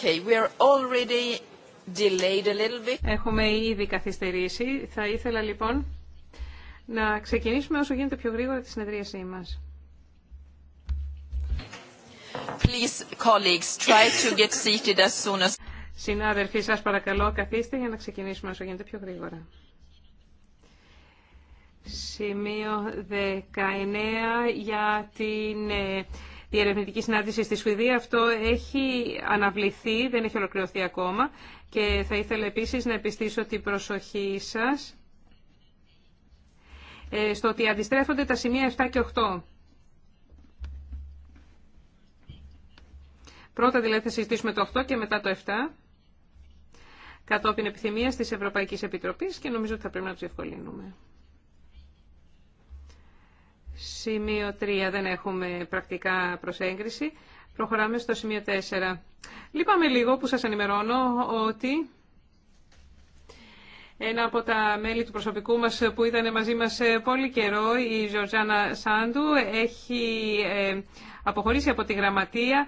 Okay, we are already delayed a little bit. Έχουμε ήδη καθυστερήσει. Θα ήθελα λοιπόν να ξεκινήσουμε όσο γίνεται πιο γρήγορα τη συνεδρίασή μας. Συνάδελφοι, σας παρακαλώ, καθίστε για να ξεκινήσουμε όσο γίνεται πιο γρήγορα. Σημείο 19 για την ε, η ερευνητική συνάντηση στη Σουηδία. Αυτό έχει αναβληθεί, δεν έχει ολοκληρωθεί ακόμα. Και θα ήθελα επίσης να επιστήσω την προσοχή σας ε, στο ότι αντιστρέφονται τα σημεία 7 και 8. Πρώτα δηλαδή θα συζητήσουμε το 8 και μετά το 7 κατόπιν επιθυμίας της Ευρωπαϊκής Επιτροπής και νομίζω ότι θα πρέπει να τους ευκολύνουμε. Σημείο 3 δεν έχουμε πρακτικά προσέγγιση. Προχωράμε στο σημείο 4. Λείπαμε λίγο που σας ενημερώνω ότι ένα από τα μέλη του προσωπικού μας που ήταν μαζί μας πολύ καιρό, η Ζορζάνα Σάντου, έχει ε, αποχωρήσει από τη γραμματεία.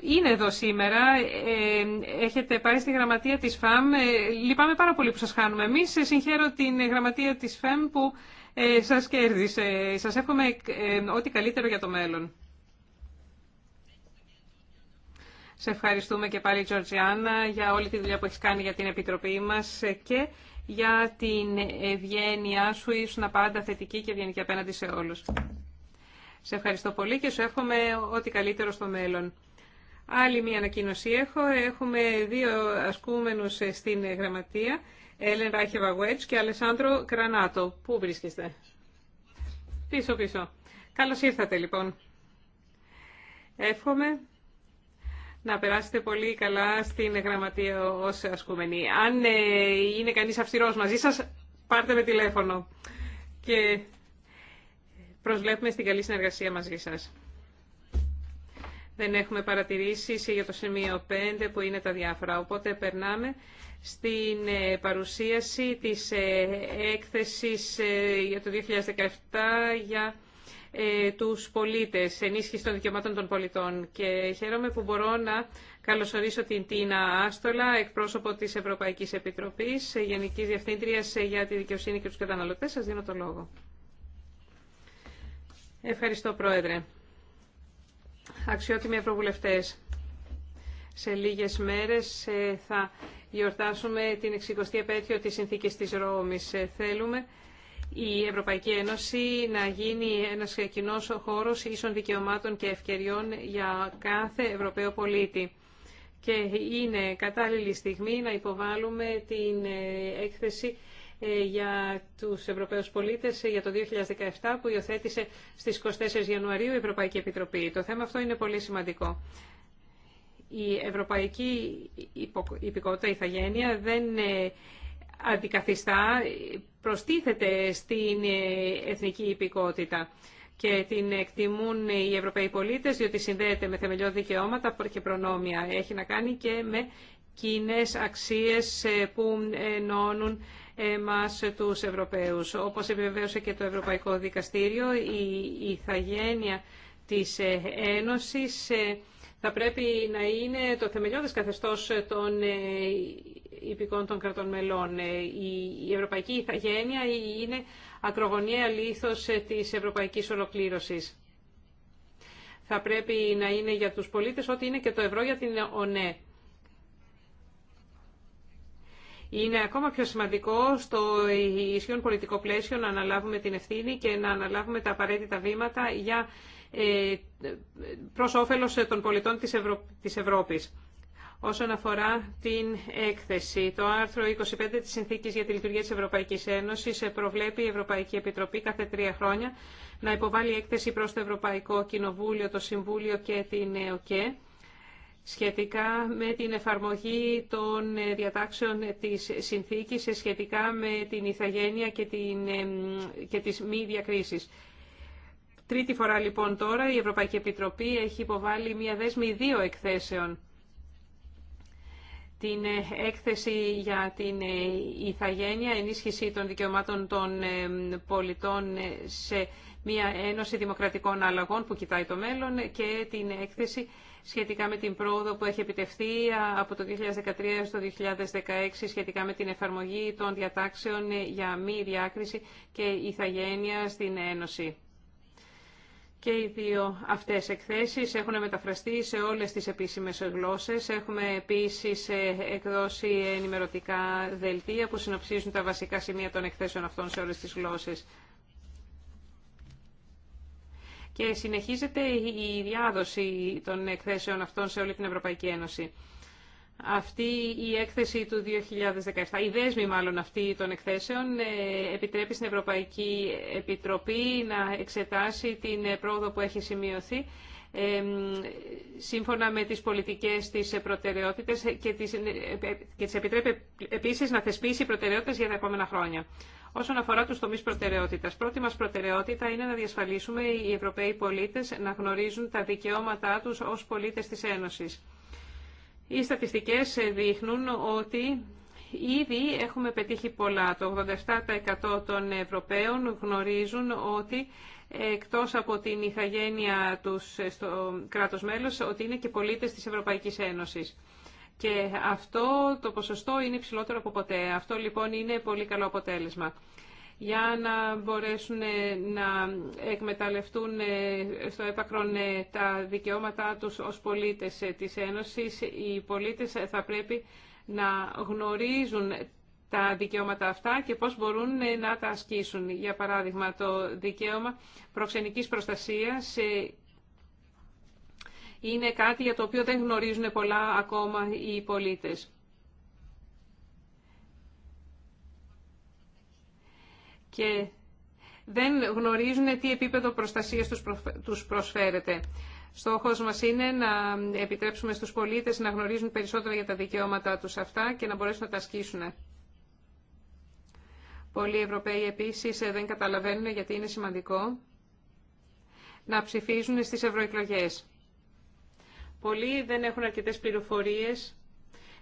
Είναι εδώ σήμερα. Ε, έχετε πάρει στη γραμματεία της ΦΑΜ. Ε, λυπάμαι πάρα πολύ που σας χάνουμε εμείς. Συγχαίρω την γραμματεία της ΦΑΜ που ε, σας κέρδισε. Σας εύχομαι ε, ό,τι καλύτερο για το μέλλον. Σε ευχαριστούμε και πάλι, Τζορτζιάννα, για όλη τη δουλειά που έχει κάνει για την Επιτροπή μας και για την ευγένειά σου. να πάντα θετική και ευγενική απέναντι σε όλους. Σε ευχαριστώ πολύ και σου εύχομαι ό,τι καλύτερο στο μέλλον. Άλλη μία ανακοίνωση έχω. Έχουμε δύο ασκούμενους στην γραμματεία. Έλεν ράχε και Αλεσάνδρο Κρανάτο. Πού βρίσκεστε? Πίσω, πίσω. Καλώς ήρθατε λοιπόν. Εύχομαι να περάσετε πολύ καλά στην γραμματεία ως ασκούμενη. Αν ε, είναι κανείς αυστηρός μαζί σας, πάρτε με τηλέφωνο. Και προσβλέπουμε στην καλή συνεργασία μαζί σας. Δεν έχουμε παρατηρήσει για το σημείο 5 που είναι τα διάφορα. Οπότε περνάμε στην ε, παρουσίαση της ε, έκθεσης ε, για το 2017 για τους πολίτες, ενίσχυση των δικαιωμάτων των πολιτών. Και χαίρομαι που μπορώ να καλωσορίσω την Τίνα Άστολα, εκπρόσωπο της Ευρωπαϊκής Επιτροπής, Γενικής Διευθύντριας για τη Δικαιοσύνη και τους Καταναλωτές. Σας δίνω το λόγο. Ευχαριστώ, Πρόεδρε αξιότιμοι ευρωβουλευτές. Σε λίγες μέρες ε, θα γιορτάσουμε την 60η επέτειο της Συνθήκης της Ρώμης. Ε, θέλουμε η Ευρωπαϊκή Ένωση να γίνει ένας κοινό χώρος ίσων δικαιωμάτων και ευκαιριών για κάθε Ευρωπαίο πολίτη. Και είναι κατάλληλη στιγμή να υποβάλουμε την ε, έκθεση ε, για τους Ευρωπαίους πολίτες ε, για το 2017 που υιοθέτησε στις 24 Ιανουαρίου η Ευρωπαϊκή Επιτροπή. Το θέμα αυτό είναι πολύ σημαντικό. Η ευρωπαϊκή υπηκότητα, η ηθαγένεια, δεν ε, αντικαθιστά, προστίθεται στην εθνική υπηκότητα και την εκτιμούν οι Ευρωπαίοι πολίτες διότι συνδέεται με θεμελιώδη δικαιώματα και προνόμια. Έχει να κάνει και με κοινέ αξίες που ενώνουν Εμά τους Ευρωπαίους. Όπως επιβεβαίωσε και το Ευρωπαϊκό Δικαστήριο, η ηθαγένεια της ε, Ένωσης ε, θα πρέπει να είναι το θεμελιώδες καθεστώς των ε, υπηκών των κρατών μελών. Η ευρωπαϊκή ηθαγένεια είναι ακρογωνία λήθος της ευρωπαϊκής ολοκλήρωσης. Θα πρέπει να είναι για τους πολίτες ό,τι είναι και το ευρώ για την ΟΝΕ. Είναι ακόμα πιο σημαντικό στο ισχύον πολιτικό πλαίσιο να αναλάβουμε την ευθύνη και να αναλάβουμε τα απαραίτητα βήματα για ε, προς όφελος των πολιτών της, Ευρω... της Ευρώπης. Όσον αφορά την έκθεση, το άρθρο 25 της Συνθήκης για τη Λειτουργία της Ευρωπαϊκής Ένωσης προβλέπει η Ευρωπαϊκή Επιτροπή κάθε τρία χρόνια να υποβάλει έκθεση προς το Ευρωπαϊκό Κοινοβούλιο, το Συμβούλιο και την ΕΟΚΕ σχετικά με την εφαρμογή των ε, διατάξεων της συνθήκης ε, σχετικά με την ηθαγένεια και, την, ε, και τις μη διακρίσεις. Τρίτη φορά λοιπόν τώρα η Ευρωπαϊκή Επιτροπή έχει υποβάλει μία δέσμη δύο εκθέσεων. Την έκθεση για την ηθαγένεια, ενίσχυση των δικαιωμάτων των πολιτών σε μία ένωση δημοκρατικών αλλαγών που κοιτάει το μέλλον και την έκθεση σχετικά με την πρόοδο που έχει επιτευχθεί από το 2013 στο 2016 σχετικά με την εφαρμογή των διατάξεων ε, για μη διάκριση και ηθαγένεια στην Ένωση. Και οι δύο αυτές εκθέσεις έχουν μεταφραστεί σε όλες τις επίσημες γλώσσες. Έχουμε επίσης ε, εκδώσει ενημερωτικά δελτία που συνοψίζουν τα βασικά σημεία των εκθέσεων αυτών σε όλες τις γλώσσες και συνεχίζεται η διάδοση των εκθέσεων αυτών σε όλη την Ευρωπαϊκή Ένωση. Αυτή η έκθεση του 2017, η δέσμη μάλλον αυτή των εκθέσεων, ε, επιτρέπει στην Ευρωπαϊκή Επιτροπή να εξετάσει την πρόοδο που έχει σημειωθεί σύμφωνα με τις πολιτικές της προτεραιότητες και τις επιτρέπει επίσης να θεσπίσει προτεραιότητες για τα επόμενα χρόνια. Όσον αφορά του τομεί προτεραιότητας, πρώτη μας προτεραιότητα είναι να διασφαλίσουμε οι Ευρωπαίοι πολίτες να γνωρίζουν τα δικαιώματά τους ως πολίτες της Ένωσης. Οι στατιστικές δείχνουν ότι ήδη έχουμε πετύχει πολλά. Το 87% των Ευρωπαίων γνωρίζουν ότι εκτός από την ηθαγένεια τους στο κράτος μέλος, ότι είναι και πολίτες της Ευρωπαϊκής Ένωσης. Και αυτό το ποσοστό είναι υψηλότερο από ποτέ. Αυτό λοιπόν είναι πολύ καλό αποτέλεσμα. Για να μπορέσουν ε, να εκμεταλλευτούν ε, στο έπακρον ε, τα δικαιώματά τους ως πολίτες της Ένωσης, οι πολίτες θα πρέπει να γνωρίζουν τα δικαιώματα αυτά και πώς μπορούν ε, να τα ασκήσουν. Για παράδειγμα, το δικαίωμα προξενικής προστασίας ε, είναι κάτι για το οποίο δεν γνωρίζουν πολλά ακόμα οι πολίτες. Και δεν γνωρίζουν τι επίπεδο προστασίας τους προσφέρεται. Στόχος μας είναι να επιτρέψουμε στους πολίτες να γνωρίζουν περισσότερα για τα δικαιώματά τους αυτά και να μπορέσουν να τα ασκήσουν. Πολλοί Ευρωπαίοι επίσης ε, δεν καταλαβαίνουν γιατί είναι σημαντικό να ψηφίζουν στις ευρωεκλογέ. Πολλοί δεν έχουν αρκετές πληροφορίες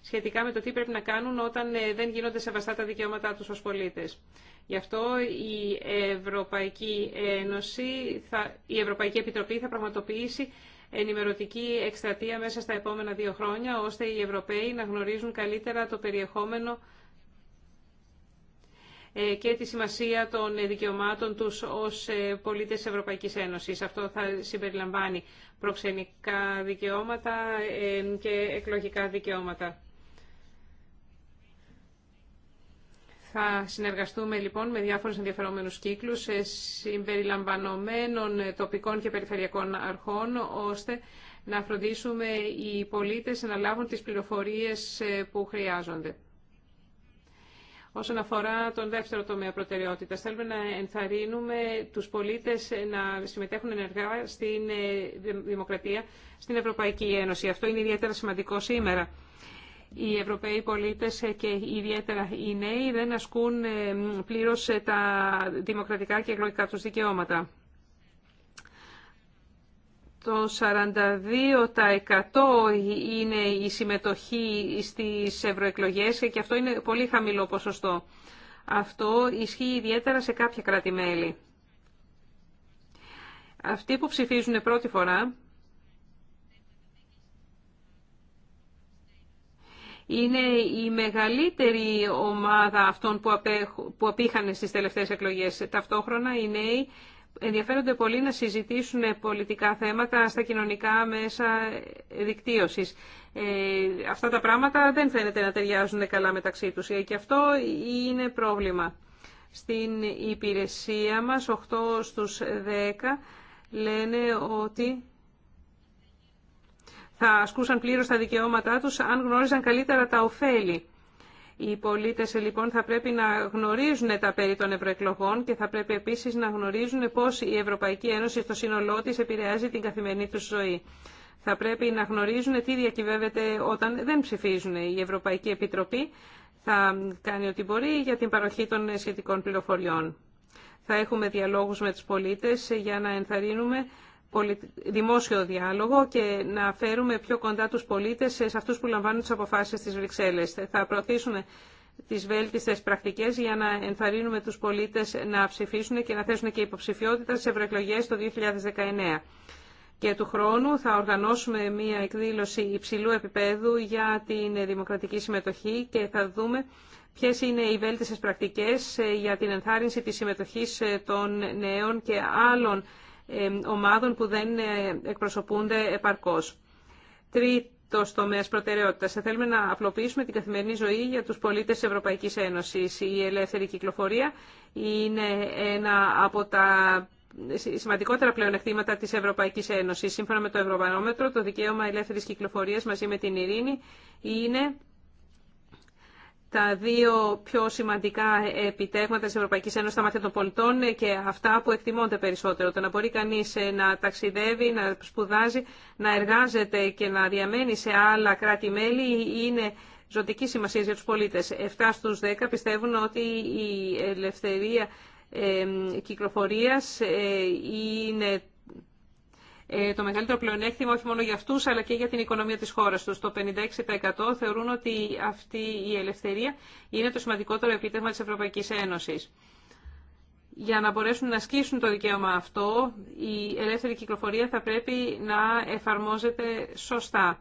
σχετικά με το τι πρέπει να κάνουν όταν ε, δεν γίνονται σεβαστά τα δικαιώματά τους ως πολίτες. Γι' αυτό η Ευρωπαϊκή, Ένωση θα, η Ευρωπαϊκή Επιτροπή θα πραγματοποιήσει ενημερωτική εκστρατεία μέσα στα επόμενα δύο χρόνια, ώστε οι Ευρωπαίοι να γνωρίζουν καλύτερα το περιεχόμενο ε, και τη σημασία των δικαιωμάτων τους ως ε, πολίτες Ευρωπαϊκής Ένωσης. Αυτό θα συμπεριλαμβάνει προξενικά δικαιώματα ε, και εκλογικά δικαιώματα. Θα συνεργαστούμε λοιπόν με διάφορους ενδιαφερόμενους κύκλους συμπεριλαμβανομένων τοπικών και περιφερειακών αρχών ώστε να φροντίσουμε οι πολίτες να λάβουν τις πληροφορίες που χρειάζονται. Όσον αφορά τον δεύτερο τομέα προτεραιότητα, θέλουμε να ενθαρρύνουμε του πολίτε να συμμετέχουν ενεργά στην ε, δημοκρατία στην Ευρωπαϊκή Ένωση. Αυτό είναι ιδιαίτερα σημαντικό σήμερα. Οι Ευρωπαίοι πολίτες και ιδιαίτερα οι νέοι δεν ασκούν ε, πλήρως ε, τα δημοκρατικά και εκλογικά τους δικαιώματα το 42% είναι η συμμετοχή στις ευρωεκλογές και αυτό είναι πολύ χαμηλό ποσοστό. Αυτό ισχύει ιδιαίτερα σε κάποια κράτη-μέλη. Αυτοί που ψηφίζουν πρώτη φορά είναι η μεγαλύτερη ομάδα αυτών που απήχαν στις τελευταίες εκλογές. Ταυτόχρονα οι νέοι ενδιαφέρονται πολύ να συζητήσουν πολιτικά θέματα στα κοινωνικά μέσα δικτύωσης. Ε, αυτά τα πράγματα δεν φαίνεται να ταιριάζουν καλά μεταξύ τους ε, και αυτό είναι πρόβλημα. Στην υπηρεσία μας 8 στους 10 λένε ότι θα ασκούσαν πλήρως τα δικαιώματά τους αν γνώριζαν καλύτερα τα ωφέλη. Οι πολίτες λοιπόν θα πρέπει να γνωρίζουν τα περί των ευρωεκλογών και θα πρέπει επίσης να γνωρίζουν πώς η Ευρωπαϊκή Ένωση στο σύνολό της επηρεάζει την καθημερινή τους ζωή. Θα πρέπει να γνωρίζουν τι διακυβεύεται όταν δεν ψηφίζουν. Η Ευρωπαϊκή Επιτροπή θα κάνει ό,τι μπορεί για την παροχή των σχετικών πληροφοριών. Θα έχουμε διαλόγους με τους πολίτες για να ενθαρρύνουμε δημόσιο διάλογο και να φέρουμε πιο κοντά τους πολίτες σε αυτούς που λαμβάνουν τις αποφάσεις στις Βρυξέλλες. Θα προωθήσουμε τις βέλτιστες πρακτικές για να ενθαρρύνουμε τους πολίτες να ψηφίσουν και να θέσουν και υποψηφιότητα σε ευρωεκλογέ το 2019. Και του χρόνου θα οργανώσουμε μία εκδήλωση υψηλού επίπεδου για την δημοκρατική συμμετοχή και θα δούμε ποιες είναι οι βέλτιστες πρακτικές ε, για την ενθάρρυνση της συμμετοχής ε, των νέων και άλλων ομάδων που δεν ε, εκπροσωπούνται επαρκώς. Τρίτος τομέας προτεραιότητας. Θα θέλουμε να απλοποιήσουμε την καθημερινή ζωή για τους πολίτες της Ευρωπαϊκής Ένωσης. Η ελεύθερη κυκλοφορία είναι ένα από τα σημαντικότερα πλεονεκτήματα της Ευρωπαϊκής Ένωσης. Σύμφωνα με το Ευρωβαρόμετρο, το δικαίωμα ελεύθερης κυκλοφορίας μαζί με την ειρήνη είναι τα δύο πιο σημαντικά επιτέγματα της Ευρωπαϊκής Ένωσης στα μάτια των πολιτών και αυτά που εκτιμώνται περισσότερο. Το να μπορεί κανείς να ταξιδεύει, να σπουδάζει, να εργάζεται και να διαμένει σε άλλα κράτη-μέλη είναι ζωτική σημασία για τους πολίτες. 7 στους 10 πιστεύουν ότι η ελευθερία ε, κυκλοφορίας ε, είναι ε, το μεγαλύτερο πλεονέκτημα όχι μόνο για αυτού, αλλά και για την οικονομία της χώρας τους. Το 56% θεωρούν ότι αυτή η ελευθερία είναι το σημαντικότερο επίτευγμα της Ευρωπαϊκής Ένωσης. Για να μπορέσουν να ασκήσουν το δικαίωμα αυτό, η ελεύθερη κυκλοφορία θα πρέπει να εφαρμόζεται σωστά.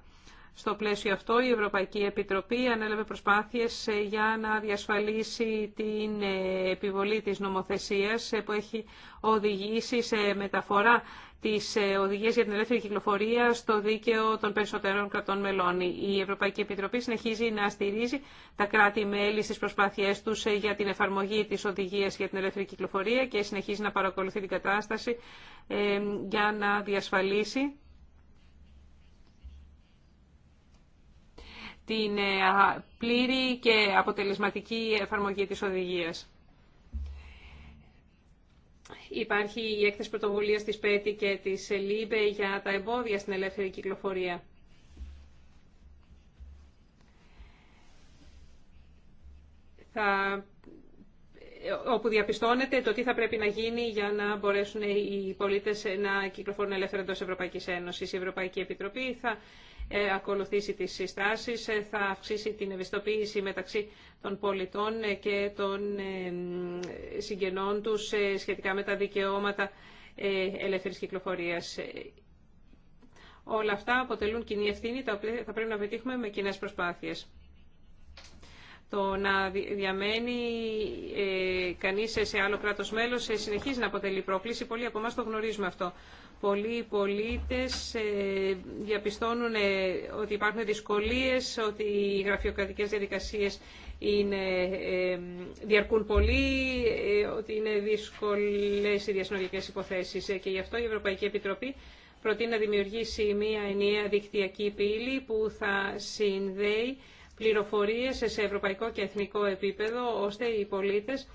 Στο πλαίσιο αυτό, η Ευρωπαϊκή Επιτροπή ανέλαβε προσπάθειες ε, για να διασφαλίσει την ε, επιβολή της νομοθεσίας ε, που έχει οδηγήσει σε μεταφορά τις οδηγίες για την ελεύθερη κυκλοφορία στο δίκαιο των περισσότερων κρατών μελών. Η Ευρωπαϊκή Επιτροπή συνεχίζει να στηρίζει τα κράτη-μέλη στις προσπάθειές τους για την εφαρμογή της οδηγίας για την ελεύθερη κυκλοφορία και συνεχίζει να παρακολουθεί την κατάσταση για να διασφαλίσει την ε, πλήρη και αποτελεσματική εφαρμογή της οδηγίας. Υπάρχει η έκθεση πρωτοβουλίας της ΠΕΤΗ και της ΛΥΜΠΕ για τα εμπόδια στην ελεύθερη κυκλοφορία. Θα... Ε, όπου διαπιστώνεται το τι θα πρέπει να γίνει για να μπορέσουν οι πολίτες να κυκλοφορούν ελεύθερα εντός Ευρωπαϊκής Ένωσης. Η Ευρωπαϊκή Επιτροπή θα ε, ακολουθήσει τις συστάσεις, ε, θα αυξήσει την ευαισθητοποίηση μεταξύ των πολιτών ε, και των συγγενών τους σχετικά με τα δικαιώματα ελεύθερης κυκλοφορίας. Όλα αυτά αποτελούν κοινή ευθύνη, τα οποία θα πρέπει να πετύχουμε με κοινέ προσπάθειες. Το να διαμένει ε, κανείς σε άλλο κράτος μέλος ε, συνεχίζει να αποτελεί πρόκληση. Πολλοί από εμάς το γνωρίζουμε αυτό. Πολλοί πολίτες ε, διαπιστώνουν ε, ότι υπάρχουν δυσκολίες, ότι οι γραφειοκρατικές διαδικασίες είναι, διαρκούν πολύ, ότι είναι δύσκολες οι διασυνοριακές υποθέσεις. Και γι' αυτό η Ευρωπαϊκή Επιτροπή προτείνει να δημιουργήσει μία ενιαία δικτυακή πύλη που θα συνδέει πληροφορίες σε ευρωπαϊκό και εθνικό επίπεδο, ώστε οι πολίτες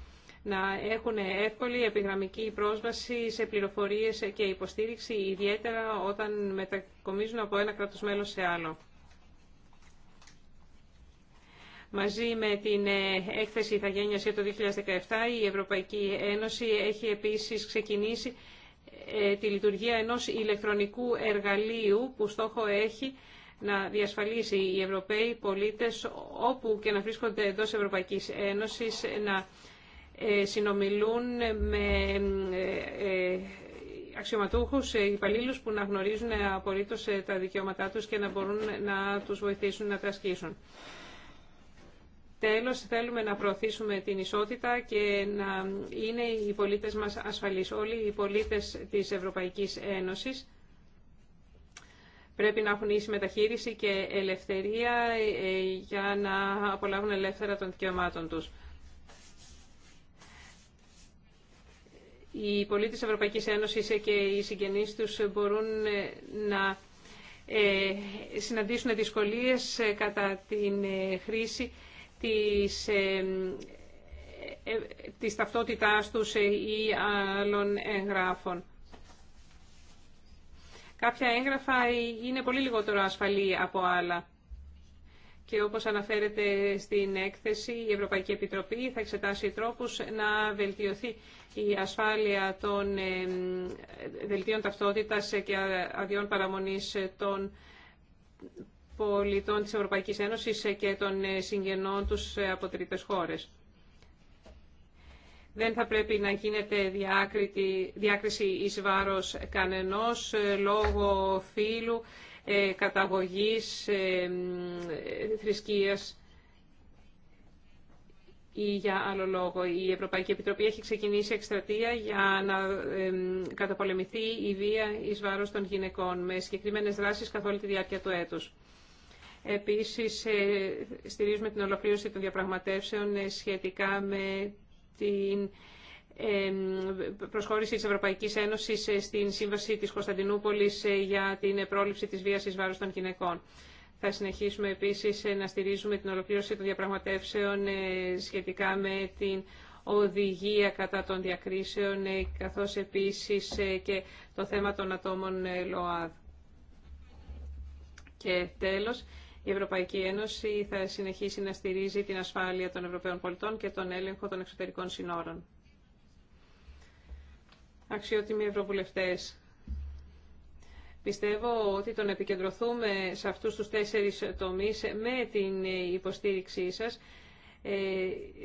να έχουν εύκολη επιγραμμική πρόσβαση σε πληροφορίες και υποστήριξη, ιδιαίτερα όταν μετακομίζουν από ένα κράτος μέλος σε άλλο. Μαζί με την ε, έκθεση η για το 2017, η Ευρωπαϊκή Ένωση έχει επίσης ξεκινήσει ε, τη λειτουργία ενός ηλεκτρονικού εργαλείου που στόχο έχει να διασφαλίσει οι Ευρωπαίοι πολίτες όπου και να βρίσκονται εντός Ευρωπαϊκής Ένωσης να ε, συνομιλούν με ε, ε, αξιωματούχους υπαλλήλους που να γνωρίζουν απολύτως τα δικαιώματά τους και να μπορούν να τους βοηθήσουν να τα ασκήσουν. Τέλος, θέλουμε να προωθήσουμε την ισότητα και να είναι οι πολίτες μας ασφαλείς. Όλοι οι πολίτες της Ευρωπαϊκής Ένωσης πρέπει να έχουν ίση μεταχείριση και ελευθερία ε, για να απολαύουν ελεύθερα των δικαιωμάτων τους. Οι πολίτες της Ευρωπαϊκής Ένωσης και οι συγγενείς τους μπορούν ε, να ε, συναντήσουν δυσκολίες κατά την χρήση της, της ταυτότητάς τους ή άλλων εγγράφων. Κάποια έγγραφα είναι πολύ λιγότερο ασφαλή από άλλα. Και όπως αναφέρεται στην έκθεση, η Ευρωπαϊκή Επιτροπή θα εξετάσει τρόπους να βελτιωθεί η ασφάλεια των δελτίων ε, ταυτότητας και αδειών παραμονής των πολιτών της Ευρωπαϊκής Ένωσης και των ε, συγγενών τους ε, από τρίτες χώρες. Δεν θα πρέπει να γίνεται διάκριση εις βάρος κανενός ε, λόγω φύλου, ε, καταγωγής, ε, θρησκείας ή για άλλο λόγο. Η Ευρωπαϊκή Επιτροπή έχει ξεκινήσει εκστρατεία για να καταπολεμηθεί η βία εις βάρος των γυναικών με συγκεκριμένες δράσεις καθ' όλη τη διάρκεια του έτους. Επίσης, στηρίζουμε την ολοκλήρωση των διαπραγματεύσεων σχετικά με την προσχώρηση της Ευρωπαϊκής Ένωσης στην Σύμβαση της Κωνσταντινούπολης ε, για την πρόληψη της βίας εις βάρος των γυναικών. Θα συνεχίσουμε επίσης ε, να στηρίζουμε την ολοκλήρωση των διαπραγματεύσεων ε, σχετικά με την οδηγία κατά των διακρίσεων, καθώς επίσης και το θέμα των ατόμων ΛΟΑΔ. Και τέλος, η Ευρωπαϊκή Ένωση θα συνεχίσει να στηρίζει την ασφάλεια των Ευρωπαίων πολιτών και τον έλεγχο των εξωτερικών συνόρων. Αξιότιμοι Ευρωβουλευτές, Πιστεύω ότι τον επικεντρωθούμε σε αυτούς τους τέσσερις τομείς με την υποστήριξή σας. Ε,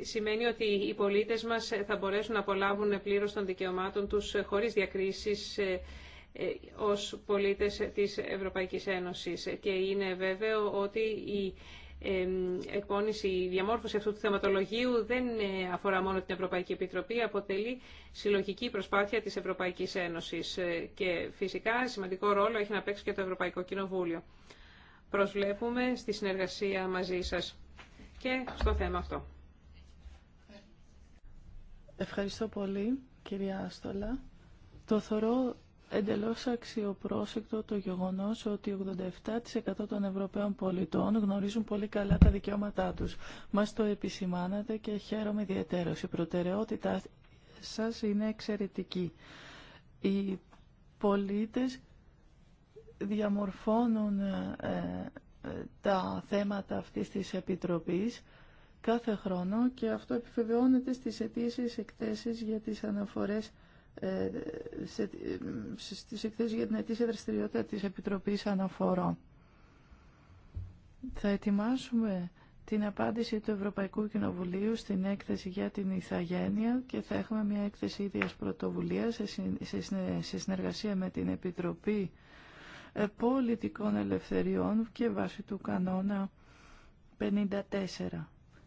σημαίνει ότι οι πολίτες μας θα μπορέσουν να απολάβουν πλήρως των δικαιωμάτων τους χωρίς διακρίσεις ε, ε, ως πολίτες της Ευρωπαϊκής Ένωσης. Και είναι βέβαιο ότι η εκπόνηση, η διαμόρφωση αυτού του θεματολογίου δεν ε, αφορά μόνο την Ευρωπαϊκή Επιτροπή, αποτελεί συλλογική προσπάθεια της Ευρωπαϊκής Ένωσης. Ε, και φυσικά σημαντικό ρόλο έχει να παίξει και το Ευρωπαϊκό Κοινοβούλιο. Προσβλέπουμε στη συνεργασία μαζί σας και στο θέμα αυτό. Ευχαριστώ πολύ, κυρία Άστολα. Το θωρώ εντελώς αξιοπρόσεκτο το γεγονός ότι 87% των Ευρωπαίων πολιτών γνωρίζουν πολύ καλά τα δικαιώματά τους. Μας το επισημάνατε και χαίρομαι ιδιαίτερως. Η προτεραιότητά σας είναι εξαιρετική. Οι πολίτες διαμορφώνουν ε, ε, τα θέματα αυτής της Επιτροπής κάθε χρόνο και αυτό επιβεβαιώνεται στις αιτήσεις εκθέσεις για τις αναφορές ε, σε, στις εκθέσεις για την αιτήσια δραστηριότητα της Επιτροπής Αναφορών. Θα ετοιμάσουμε την απάντηση του Ευρωπαϊκού Κοινοβουλίου στην έκθεση για την Ιθαγένεια και θα έχουμε μια έκθεση ίδιας πρωτοβουλίας σε συνεργασία με την Επιτροπή ε, Πολιτικών Ελευθεριών και βάσει του κανόνα 54.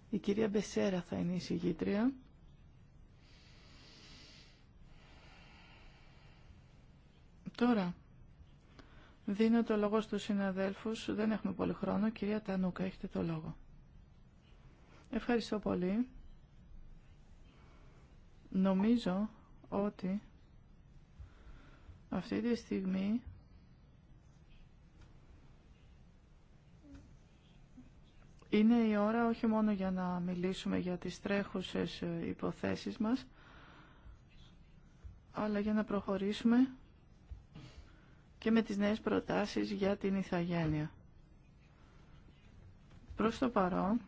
Η κυρία Μπεσέρα θα είναι η συγγήτρια. Τώρα, δίνω το λόγο στους συναδέλφους. Δεν έχουμε πολύ χρόνο. Κυρία Τανούκα, έχετε το λόγο. Ευχαριστώ πολύ. Νομίζω ότι αυτή τη στιγμή είναι η ώρα όχι μόνο για να μιλήσουμε για τις τρέχουσες υποθέσεις μας, αλλά για να προχωρήσουμε και με τις νέες προτάσεις για την Ιθαγένεια. Προς το παρόν,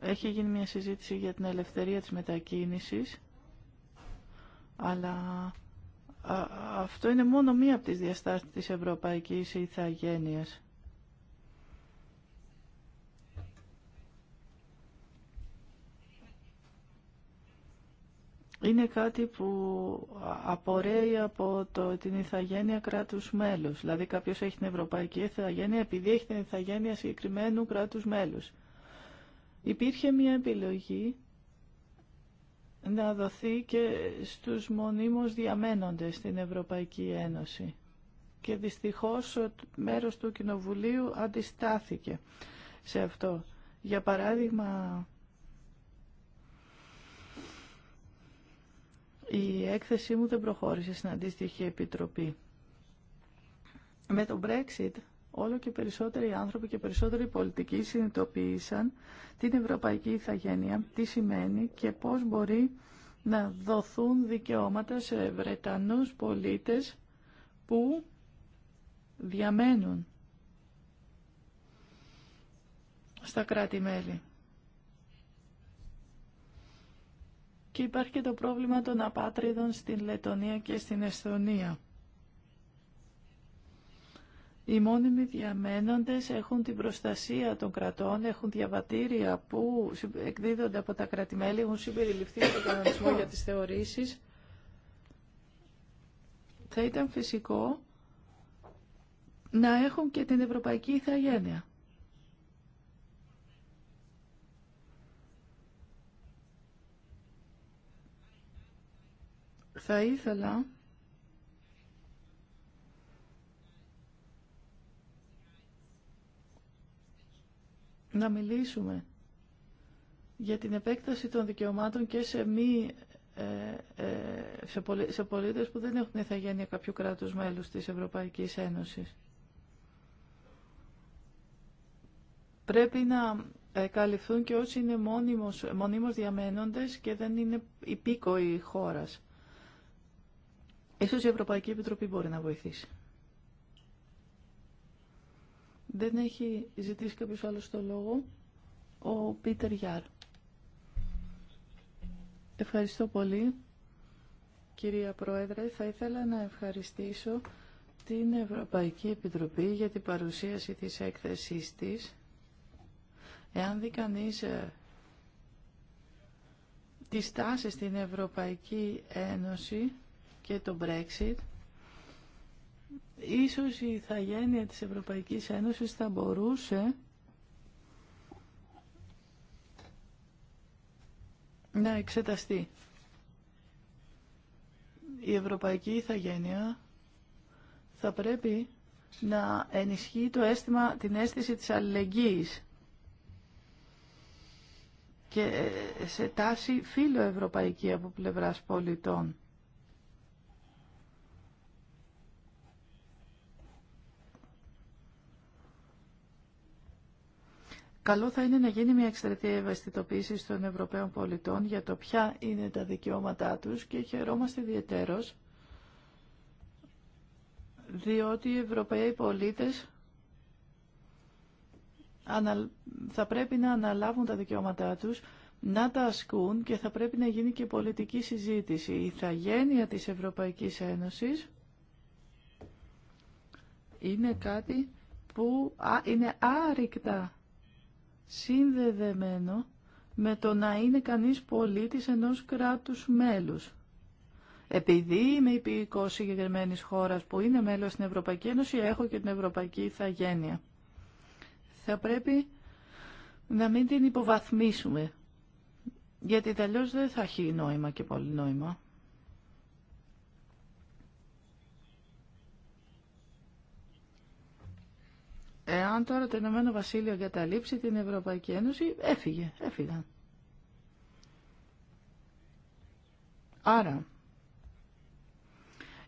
έχει γίνει μια συζήτηση για την ελευθερία της μετακίνησης, αλλά αυτό είναι μόνο μία από τις διαστάσεις της ευρωπαϊκής Ιθαγένειας. είναι κάτι που απορρέει από το, την ηθαγένεια κράτους μέλους. Δηλαδή κάποιος έχει την ευρωπαϊκή ηθαγένεια επειδή έχει την ηθαγένεια συγκεκριμένου κράτους μέλους. Υπήρχε μια επιλογή να δοθεί και στους μονίμως διαμένοντες στην Ευρωπαϊκή Ένωση. Και δυστυχώς μέρος του Κοινοβουλίου αντιστάθηκε σε αυτό. Για παράδειγμα, η έκθεσή μου δεν προχώρησε στην αντίστοιχη επιτροπή. Με το Brexit όλο και περισσότεροι άνθρωποι και περισσότεροι πολιτικοί συνειδητοποίησαν την ευρωπαϊκή ηθαγένεια, τι σημαίνει και πώς μπορεί να δοθούν δικαιώματα σε Βρετανούς πολίτες που διαμένουν στα κράτη-μέλη. Και υπάρχει και το πρόβλημα των απάτριδων στην Λετωνία και στην Εσθονία. Οι μόνιμοι διαμένοντες έχουν την προστασία των κρατών, έχουν διαβατήρια που εκδίδονται από τα κρατημέλη, έχουν συμπεριληφθεί στον κανονισμό για τις θεωρήσεις. Θα ήταν φυσικό να έχουν και την ευρωπαϊκή ηθαγένεια. Θα ήθελα να μιλήσουμε για την επέκταση των δικαιωμάτων και σε μη ε, ε, σε πολίτες που δεν έχουν ηθαγένεια κάποιου κράτους μέλους της Ευρωπαϊκής Ένωσης. Πρέπει να ε, καλυφθούν και όσοι είναι μόνιμος, μονίμως διαμένοντες και δεν είναι υπήκοοι χώρας. Ίσως η Ευρωπαϊκή Επιτροπή μπορεί να βοηθήσει. Δεν έχει ζητήσει κάποιος άλλος το λόγο. Ο Πίτερ Γιάρ. Ευχαριστώ πολύ. Κυρία Πρόεδρε, θα ήθελα να ευχαριστήσω την Ευρωπαϊκή Επιτροπή για την παρουσίαση της έκθεσής της. Εάν δει κανείς ε, τις τάσεις στην Ευρωπαϊκή Ένωση, και το Brexit, ίσως η ηθαγένεια της Ευρωπαϊκής Ένωσης θα μπορούσε να εξεταστεί. Η Ευρωπαϊκή Ιθαγένεια θα πρέπει να ενισχύει το αίσθημα, την αίσθηση της αλληλεγγύης και σε τάση φιλοευρωπαϊκή από πλευράς πολιτών. καλό θα είναι να γίνει μια εξτρατεία ευαισθητοποίηση των Ευρωπαίων πολιτών για το ποια είναι τα δικαιώματά τους και χαιρόμαστε ιδιαιτέρως διότι οι Ευρωπαίοι πολίτες θα πρέπει να αναλάβουν τα δικαιώματά τους, να τα ασκούν και θα πρέπει να γίνει και πολιτική συζήτηση. Η θαγένεια της Ευρωπαϊκής Ένωσης είναι κάτι που είναι άρρηκτα συνδεδεμένο με το να είναι κανείς πολίτης ενός κράτους μέλους. Επειδή είμαι υπηκό συγκεκριμένη χώρα που είναι μέλο στην Ευρωπαϊκή Ένωση, έχω και την Ευρωπαϊκή Ιθαγένεια. Θα πρέπει να μην την υποβαθμίσουμε. Γιατί τελείως δεν θα έχει νόημα και πολύ νόημα. Εάν τώρα το Ηνωμένο Βασίλειο εγκαταλείψει την Ευρωπαϊκή Ένωση, έφυγε, έφυγαν. Άρα,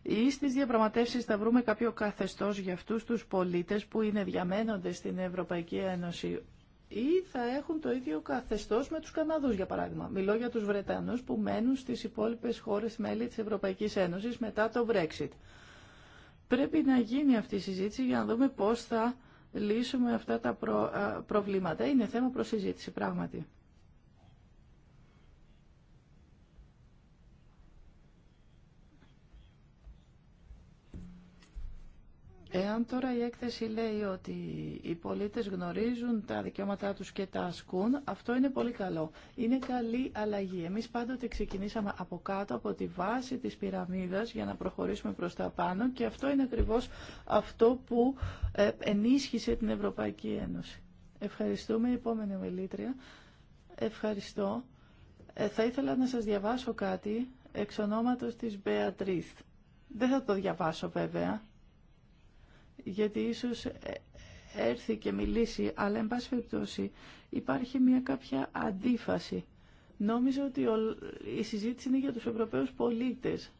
ή στι διαπραγματεύσει θα βρούμε κάποιο καθεστώς για αυτού του πολίτε που είναι διαμένοντε στην Ευρωπαϊκή Ένωση, ή θα έχουν το ίδιο καθεστώ με του Καναδού, για παράδειγμα. Μιλώ για του Βρετανού που μένουν στι υπόλοιπε χώρε μέλη τη Ευρωπαϊκή Ένωση μετά το Brexit. Πρέπει να γίνει αυτή η συζήτηση για να δούμε πώ θα λύσουμε αυτά τα προβλήματα. Είναι θέμα προσυζήτηση πράγματι. Εάν τώρα η έκθεση λέει ότι οι πολίτες γνωρίζουν τα δικαιώματά τους και τα ασκούν, αυτό είναι πολύ καλό. Είναι καλή αλλαγή. Εμείς πάντοτε ξεκινήσαμε από κάτω, από τη βάση της πυραμίδας για να προχωρήσουμε προς τα πάνω και αυτό είναι ακριβώς αυτό που ε, ενίσχυσε την Ευρωπαϊκή Ένωση. Ευχαριστούμε, επόμενη ομιλήτρια. Ευχαριστώ. Ε, θα ήθελα να σας διαβάσω κάτι εξ ονόματος της Μπέατρίθ. Δεν θα το διαβάσω βέβαια, γιατί ίσως ε, έρθει και μιλήσει, αλλά εν πάση περιπτώσει υπάρχει μια κάποια αντίφαση. Νόμιζα ότι η συζήτηση είναι για τους Ευρωπαίους πολίτες.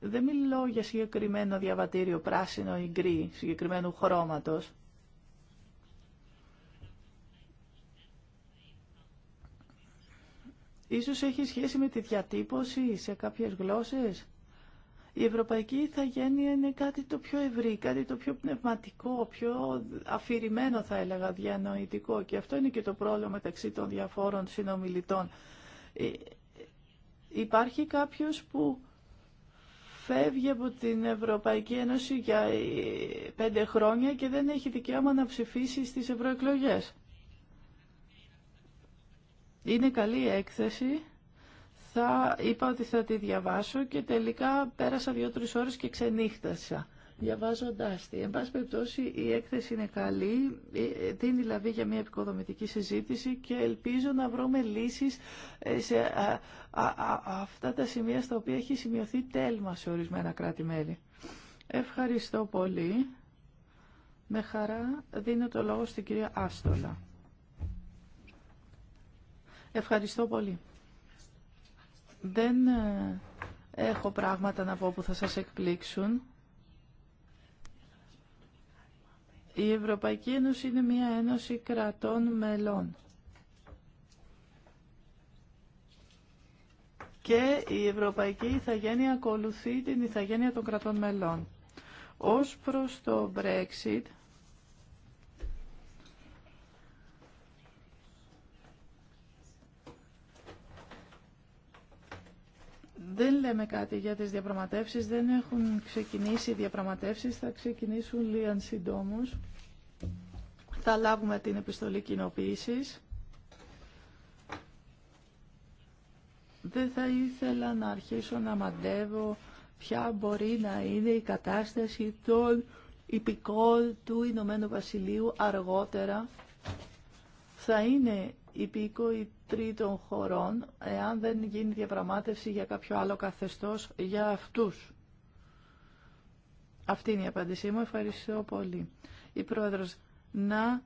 Δεν μιλώ για συγκεκριμένο διαβατήριο πράσινο ή γκρι, συγκεκριμένου χρώματος. Ίσως έχει σχέση με τη διατύπωση σε κάποιες γλώσσες. Η ευρωπαϊκή ηθαγένεια είναι κάτι το πιο ευρύ, κάτι το πιο πνευματικό, πιο αφηρημένο θα έλεγα, διανοητικό. Και αυτό είναι και το πρόβλημα μεταξύ των διαφόρων συνομιλητών. Ε, υπάρχει κάποιος που φεύγει από την Ευρωπαϊκή Ένωση για ε, πέντε χρόνια και δεν έχει δικαίωμα να ψηφίσει στις ευρωεκλογές. Είναι καλή έκθεση θα είπα ότι θα τη διαβάσω και τελικά πέρασα δύο-τρεις ώρες και ξενύχτασα διαβάζοντάς τη. Εν πάση περιπτώσει η έκθεση είναι καλή, ε, δίνει λαβή για μια επικοδομητική συζήτηση και ελπίζω να βρούμε λύσεις ε, σε αυτά τα σημεία στα οποία έχει σημειωθεί τέλμα σε ορισμένα κράτη-μέλη. Ευχαριστώ πολύ. Με χαρά δίνω το λόγο στην κυρία Άστολα. Ευχαριστώ πολύ. Δεν ε, έχω πράγματα να πω που θα σας εκπλήξουν. Η Ευρωπαϊκή Ένωση είναι μια ένωση κρατών μελών. Και η Ευρωπαϊκή Ιθαγένεια ακολουθεί την Ιθαγένεια των κρατών μελών. Ως προς το Brexit, Δεν λέμε κάτι για τις διαπραγματεύσεις, δεν έχουν ξεκινήσει οι διαπραγματεύσεις, θα ξεκινήσουν λίγαν συντόμως. Θα λάβουμε την επιστολή κοινοποίησης. Δεν θα ήθελα να αρχίσω να μαντεύω ποια μπορεί να είναι η κατάσταση των υπηκών του Ηνωμένου Βασιλείου αργότερα. Θα είναι υπήκοοι τρίτων χωρών εάν δεν γίνει διαπραγμάτευση για κάποιο άλλο καθεστώς για αυτούς. Αυτή είναι η απάντησή μου. Ευχαριστώ πολύ. Η Πρόεδρος, να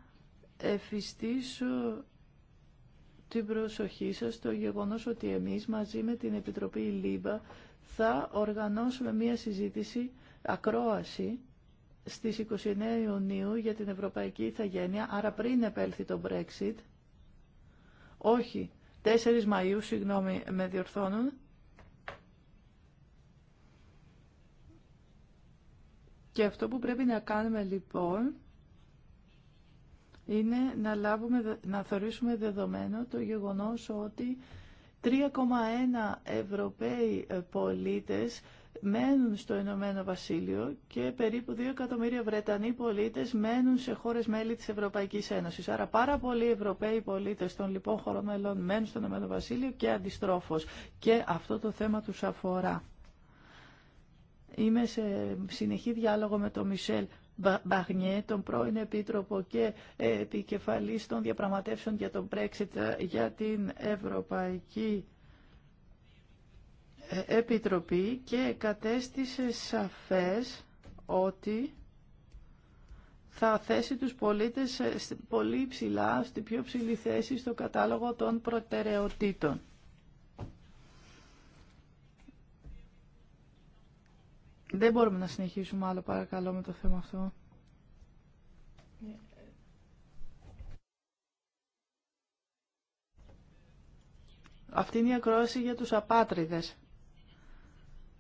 εφιστήσω την προσοχή σας στο γεγονός ότι εμείς μαζί με την Επιτροπή ΛΥΜΠΑ θα οργανώσουμε μία συζήτηση, ακρόαση, στις 29 Ιουνίου για την Ευρωπαϊκή Ιθαγένεια, άρα πριν επέλθει το Brexit, όχι, 4 Μαΐου, συγγνώμη, με διορθώνουν. Και αυτό που πρέπει να κάνουμε λοιπόν είναι να, λάβουμε, να θεωρήσουμε δεδομένο το γεγονός ότι 3,1 Ευρωπαίοι πολίτες μένουν στο Ηνωμένο Βασίλειο και περίπου 2 εκατομμύρια Βρετανοί πολίτες μένουν σε χώρες μέλη της Ευρωπαϊκής Ένωσης. Άρα πάρα πολλοί Ευρωπαίοι πολίτες των λοιπόν χωρών μελών μένουν στο Ηνωμένο Βασίλειο και αντιστρόφως. Και αυτό το θέμα τους αφορά. Είμαι σε συνεχή διάλογο με τον Μισελ Μπαγνιέ, τον πρώην Επίτροπο και ε, επικεφαλής των διαπραγματεύσεων για τον Brexit ε, για την Ευρωπαϊκή Επιτροπή και κατέστησε σαφές ότι θα θέσει τους πολίτες πολύ ψηλά, στη πιο ψηλή θέση στο κατάλογο των προτεραιοτήτων. Δεν μπορούμε να συνεχίσουμε άλλο παρακαλώ με το θέμα αυτό. Αυτή είναι η ακρόαση για τους απάτριδες.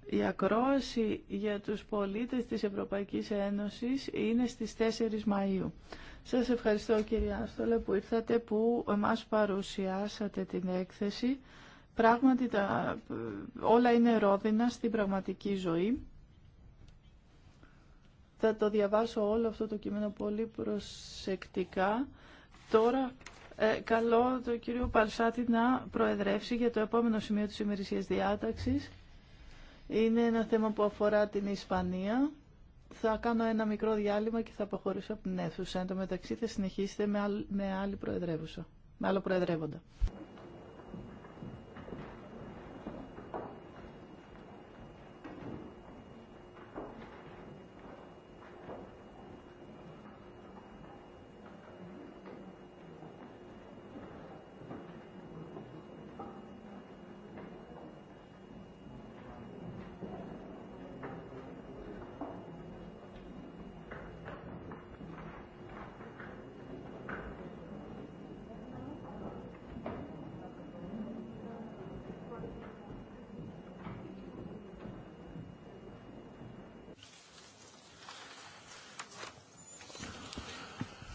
Η ακρόαση για τους πολίτες της Ευρωπαϊκής Ένωσης είναι στις 4 Μαΐου. Σας ευχαριστώ κύριε Άστολε που ήρθατε, που μας παρουσιάσατε την έκθεση. Πράγματι τα, όλα είναι ρόδινα στην πραγματική ζωή. Θα το διαβάσω όλο αυτό το κείμενο πολύ προσεκτικά. Τώρα ε, καλώ τον κύριο Παλσάτη να προεδρεύσει για το επόμενο σημείο της ημερησίας διάταξης είναι ένα θέμα που αφορά την Ισπανία. Θα κάνω ένα μικρό διάλειμμα και θα αποχωρήσω από την αίθουσα. Εν τω μεταξύ θα συνεχίσετε με άλλη προεδρεύουσα, με άλλο προεδρεύοντα.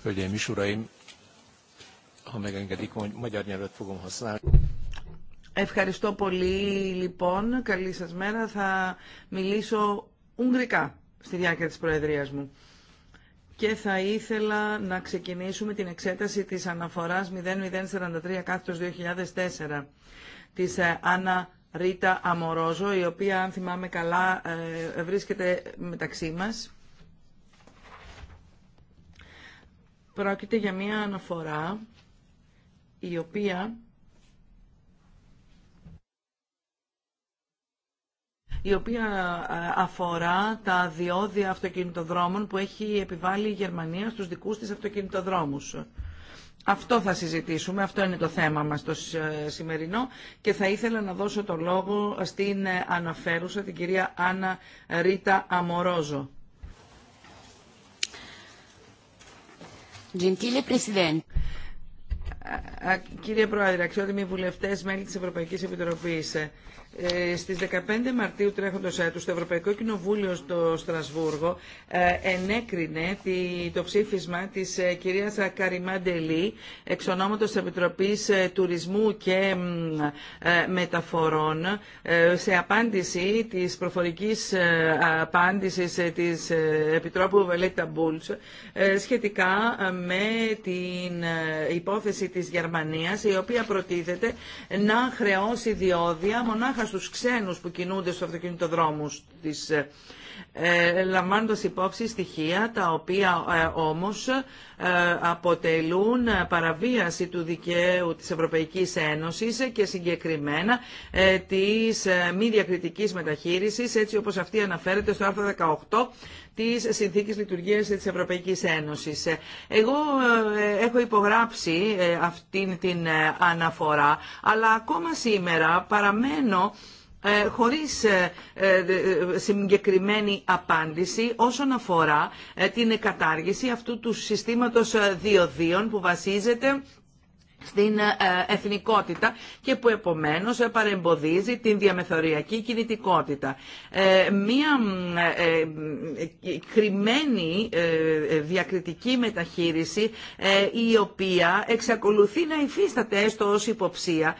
Hölgyeim és Uraim, ha megengedik, magyar nyelvet fogom használni. Ευχαριστώ πολύ λοιπόν. Καλή σας μέρα. Θα μιλήσω ουγγρικά στη διάρκεια της Προεδρίας μου. Και θα ήθελα να ξεκινήσουμε την εξέταση της αναφοράς 0043 κάθετος 2004 της ε, Άννα Ρίτα Αμορόζο, η οποία αν θυμάμαι καλά ε, βρίσκεται μεταξύ μας. Πρόκειται για μία αναφορά η οποία η οποία ε, αφορά τα διόδια αυτοκινητοδρόμων που έχει επιβάλει η Γερμανία στους δικούς της αυτοκινητοδρόμους. Αυτό θα συζητήσουμε, αυτό είναι το θέμα μας το ε, σημερινό και θα ήθελα να δώσω το λόγο στην ε, αναφέρουσα, την κυρία Άννα Ρίτα Αμορόζο. Gentile Κύριε Πρόεδρε, αξιότιμοι βουλευτέ, μέλη τη Ευρωπαϊκή Επιτροπή, ε, στις 15 Μαρτίου τρέχοντος έτους το Ευρωπαϊκό Κοινοβούλιο στο Στρασβούργο ε, ενέκρινε το ψήφισμα της ε, κυρίας Καριμάντελη εξ ονόματος Επιτροπής Τουρισμού και Μεταφορών σε απάντηση της προφορικής απάντησης της Επιτρόπου Βελέτα Μπούλτς σχετικά με την υπόθεση της Γερμανίας η οποία προτίθεται να χρεώσει διόδια μονάχα στους ξένους που κινούνται στους αυτοκινητοδρόμους της ε, ε, λαμβάνοντας υπόψη στοιχεία τα οποία ε, όμως ε, αποτελούν παραβίαση του δικαίου της Ευρωπαϊκής Ένωσης και συγκεκριμένα της μη διακριτικής μεταχείρισης έτσι όπως αυτή αναφέρεται στο άρθρο 18 τη συνθήκη λειτουργία τη Ευρωπαϊκή Ένωση. Εγώ έχω υπογράψει αυτήν την αναφορά αλλά ακόμα σήμερα παραμένω ε, χωρίς ε, ε, συγκεκριμένη απάντηση όσον αφορά την κατάργηση αυτού του συστήματος διοδίων που βασίζεται στην ε, εθνικότητα και που επομένως ε, παρεμποδίζει την διαμεθοριακή κινητικότητα. Ε, μία κρυμμένη διακριτική μεταχείριση η οποία εξακολουθεί να υφίσταται έστω ως υποψία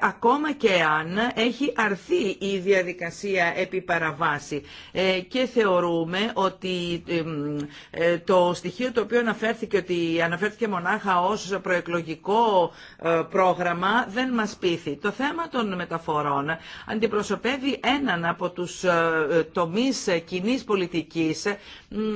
ακόμα και αν έχει αρθεί η διαδικασία επί παραβάση. Και θεωρούμε ότι το στοιχείο το οποίο αναφέρθηκε, ότι αναφέρθηκε μονάχα ως προεκλογικό ε, πρόγραμμα δεν μας πείθει. Το θέμα των μεταφορών αντιπροσωπεύει έναν από τους ε, ε, τομείς κοινή πολιτικής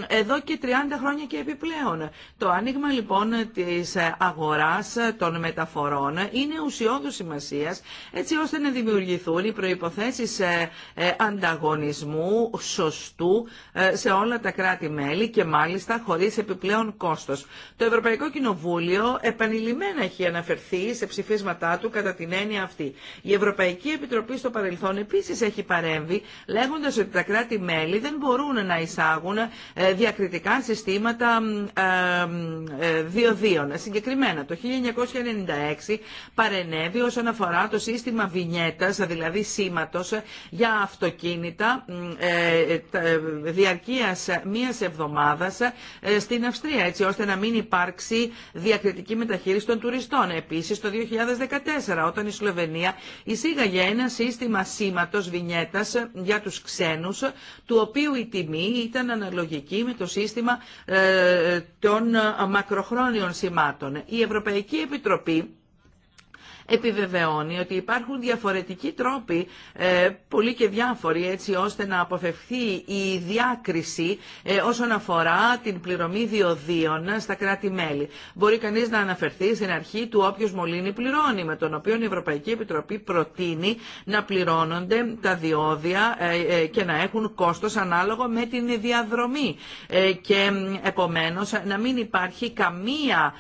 εδώ και 30 χρόνια και επιπλέον. Το άνοιγμα λοιπόν της αγοράς των μεταφορών είναι ουσιώδου σημασίας έτσι ώστε να δημιουργηθούν οι προϋποθέσεις ε, ε, ανταγωνισμού σωστού ε, σε όλα τα κράτη-μέλη και μάλιστα χωρίς επιπλέον κόστος. Το Ευρωπαϊκό Κοινοβούλιο επανειλημμένα έχει αναφερθεί σε ψηφίσματά του κατά την έννοια αυτή. Η Ευρωπαϊκή Επιτροπή στο παρελθόν επίσης έχει παρέμβει λέγοντας ότι τα κράτη-μέλη δεν μπορούν να εισάγουν ε, διακριτικά συστήματα ε, ε, διοδίων. Συγκεκριμένα, το 1996 παρενέβη όσον αφορά το σύστημα βινιέτας, δηλαδή σήματος για αυτοκίνητα διαρκείας μίας εβδομάδας στην Αυστρία, έτσι ώστε να μην υπάρξει διακριτική μεταχείριση των τουριστών. Επίσης, το 2014, όταν η Σλοβενία εισήγαγε ένα σύστημα σήματος βινιέτας για τους ξένους, του οποίου η τιμή ήταν αναλογική λογική με το σύστημα ε, των ε, μακροχρόνιων σημάτων. Η Ευρωπαϊκή Επιτροπή επιβεβαιώνει ότι υπάρχουν διαφορετικοί τρόποι, ε, πολύ και διάφοροι, έτσι ώστε να αποφευχθεί η διάκριση ε, όσον αφορά την πληρωμή διοδίων στα κράτη-μέλη. Μπορεί κανείς να αναφερθεί στην αρχή του όποιο μολύνει πληρώνει, με τον οποίο η Ευρωπαϊκή Επιτροπή προτείνει να πληρώνονται τα διόδια ε, και να έχουν κόστο ανάλογο με την διαδρομή και επομένω να μην υπάρχει καμία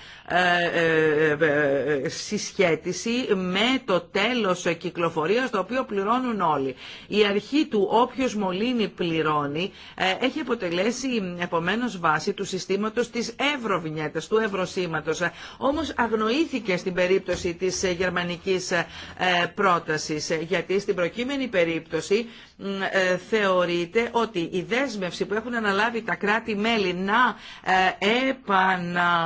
συσχέτιση με το τέλος κυκλοφορίας το οποίο πληρώνουν όλοι. Η αρχή του όποιος μολύνει πληρώνει ε, έχει αποτελέσει επομένως βάση του συστήματος της ευρωβινιέτας, του ευρωσήματος. Ε, όμως αγνοήθηκε στην περίπτωση της γερμανικής ε, πρότασης γιατί στην προκείμενη περίπτωση θεωρείται ότι η δέσμευση που έχουν αναλάβει τα κράτη-μέλη να επανα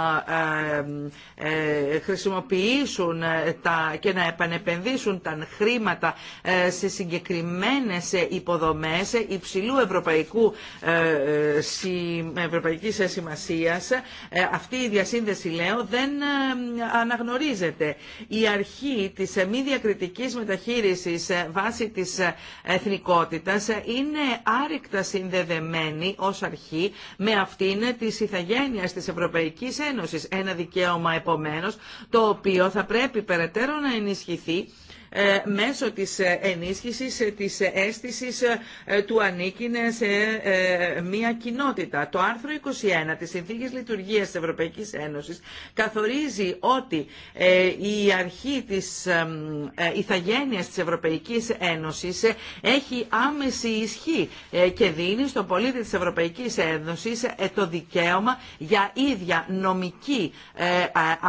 τα και να επανεπενδύσουν τα χρήματα ε, σε συγκεκριμένες υποδομές υψηλού ευρωπαϊκού ε, ε, ευρωπαϊκής σημασίας αυτή η διασύνδεση λέω δεν αναγνωρίζεται η αρχή της μη διακριτικής μεταχείρισης βάσει της εθνικότητας είναι άρρηκτα συνδεδεμένη ως αρχή με αυτήν της ηθαγένειας της Ευρωπαϊκής Ένωσης ένα δικαίωμα επομένως το οποίο θα πρέπει περαιτέρω ενδιαφέρον να ενισχυθεί ε, μέσω της ε, ενίσχυσης ε, της αίσθησης του ανήκεινε σε μια κοινότητα. Το άρθρο 21 της Συνθήκης Λειτουργίας της Ευρωπαϊκής Ένωσης καθορίζει ότι η αρχή της ηθαγένειας της Ευρωπαϊκής Ένωσης έχει άμεση ισχύ και δίνει στον πολίτη της Ευρωπαϊκής Ένωσης το δικαίωμα για ίδια νομική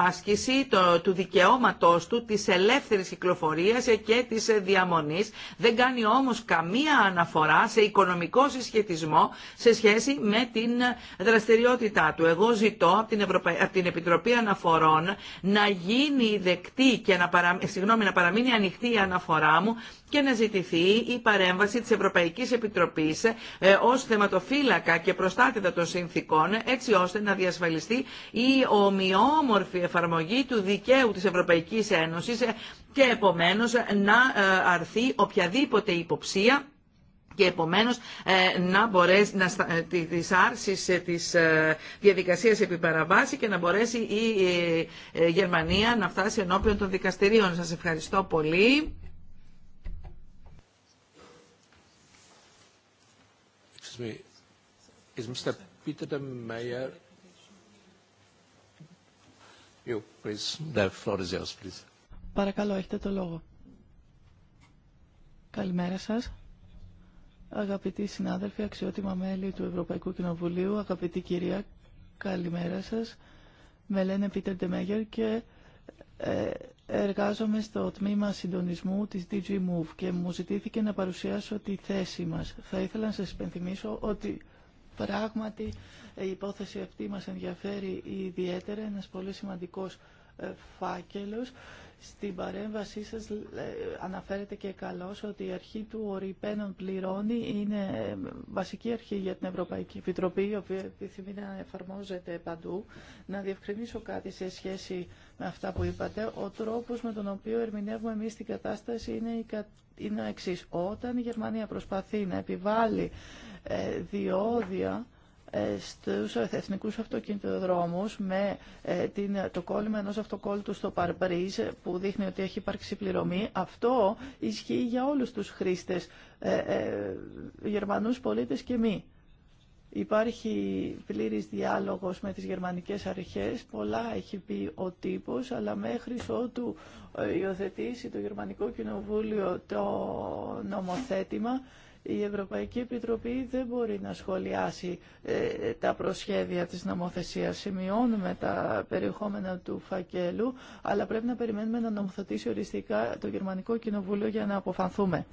άσκηση του δικαιώματός του της ελεύθερης κυκλοφορίας και της διαμονής. Δεν κάνει όμως καμία αναφορά σε οικονομικό συσχετισμό σε σχέση με την δραστηριότητά του. Εγώ ζητώ από την, Επιτροπή Αναφορών να γίνει δεκτή και να, παρα... Ε, να παραμείνει ανοιχτή η αναφορά μου και να ζητηθεί η παρέμβαση της Ευρωπαϊκής Επιτροπής ε, ως θεματοφύλακα και προστάτητα των συνθήκων έτσι ώστε να διασφαλιστεί η ομοιόμορφη εφαρμογή του δικαίου της Ευρωπαϊκής Ένωσης ε, και επομένως να ε, αρθεί οποιαδήποτε υποψία και επομένως ε, να μπορέσει να, ε, της άρσης της διαδικασίας επιπαραβάση και να μπορέσει η Γερμανία να φτάσει ενώπιον των δικαστηρίων. Σας ευχαριστώ πολύ. Is Mr. Peter Παρακαλώ, έχετε το λόγο. Καλημέρα σας. Αγαπητοί συνάδελφοι, αξιότιμα μέλη του Ευρωπαϊκού Κοινοβουλίου, αγαπητή κυρία, καλημέρα σας. Με λένε Πίτερ Ντεμέγερ και ε, εργάζομαι στο τμήμα συντονισμού της DG Move και μου ζητήθηκε να παρουσιάσω τη θέση μας. Θα ήθελα να σας υπενθυμίσω ότι πράγματι η υπόθεση αυτή μας ενδιαφέρει ιδιαίτερα, ένας πολύ σημαντικός ε, φάκελος στην παρέμβασή σας αναφέρετε και καλώς ότι η αρχή του ορυπαίνων πληρώνει είναι ε, βασική αρχή για την Ευρωπαϊκή Επιτροπή, η οποία επιθυμεί να εφαρμόζεται παντού. Να διευκρινίσω κάτι σε σχέση με αυτά που είπατε. Ο τρόπος με τον οποίο ερμηνεύουμε εμείς την κατάσταση είναι η κα... Είναι ο εξής. Όταν η Γερμανία προσπαθεί να επιβάλλει ε, διόδια ε, στους εθνικούς αυτοκινητοδρόμους με ε, την, το κόλλημα ενός αυτοκόλλητου στο παρμπρίζ που δείχνει ότι έχει υπάρξει πληρωμή. Αυτό ισχύει για όλους τους χρήστες, ε, Γερμανούς πολίτες και μη. Υπάρχει πλήρης διάλογος με τις γερμανικές αρχές, πολλά έχει πει ο τύπος, αλλά μέχρι ότου υιοθετήσει το Γερμανικό Κοινοβούλιο το νομοθέτημα, η Ευρωπαϊκή Επιτροπή δεν μπορεί να σχολιάσει ε, τα προσχέδια της νομοθεσίας. Σημειώνουμε τα περιεχόμενα του φακέλου, αλλά πρέπει να περιμένουμε να νομοθετήσει οριστικά το Γερμανικό Κοινοβούλιο για να αποφανθούμε.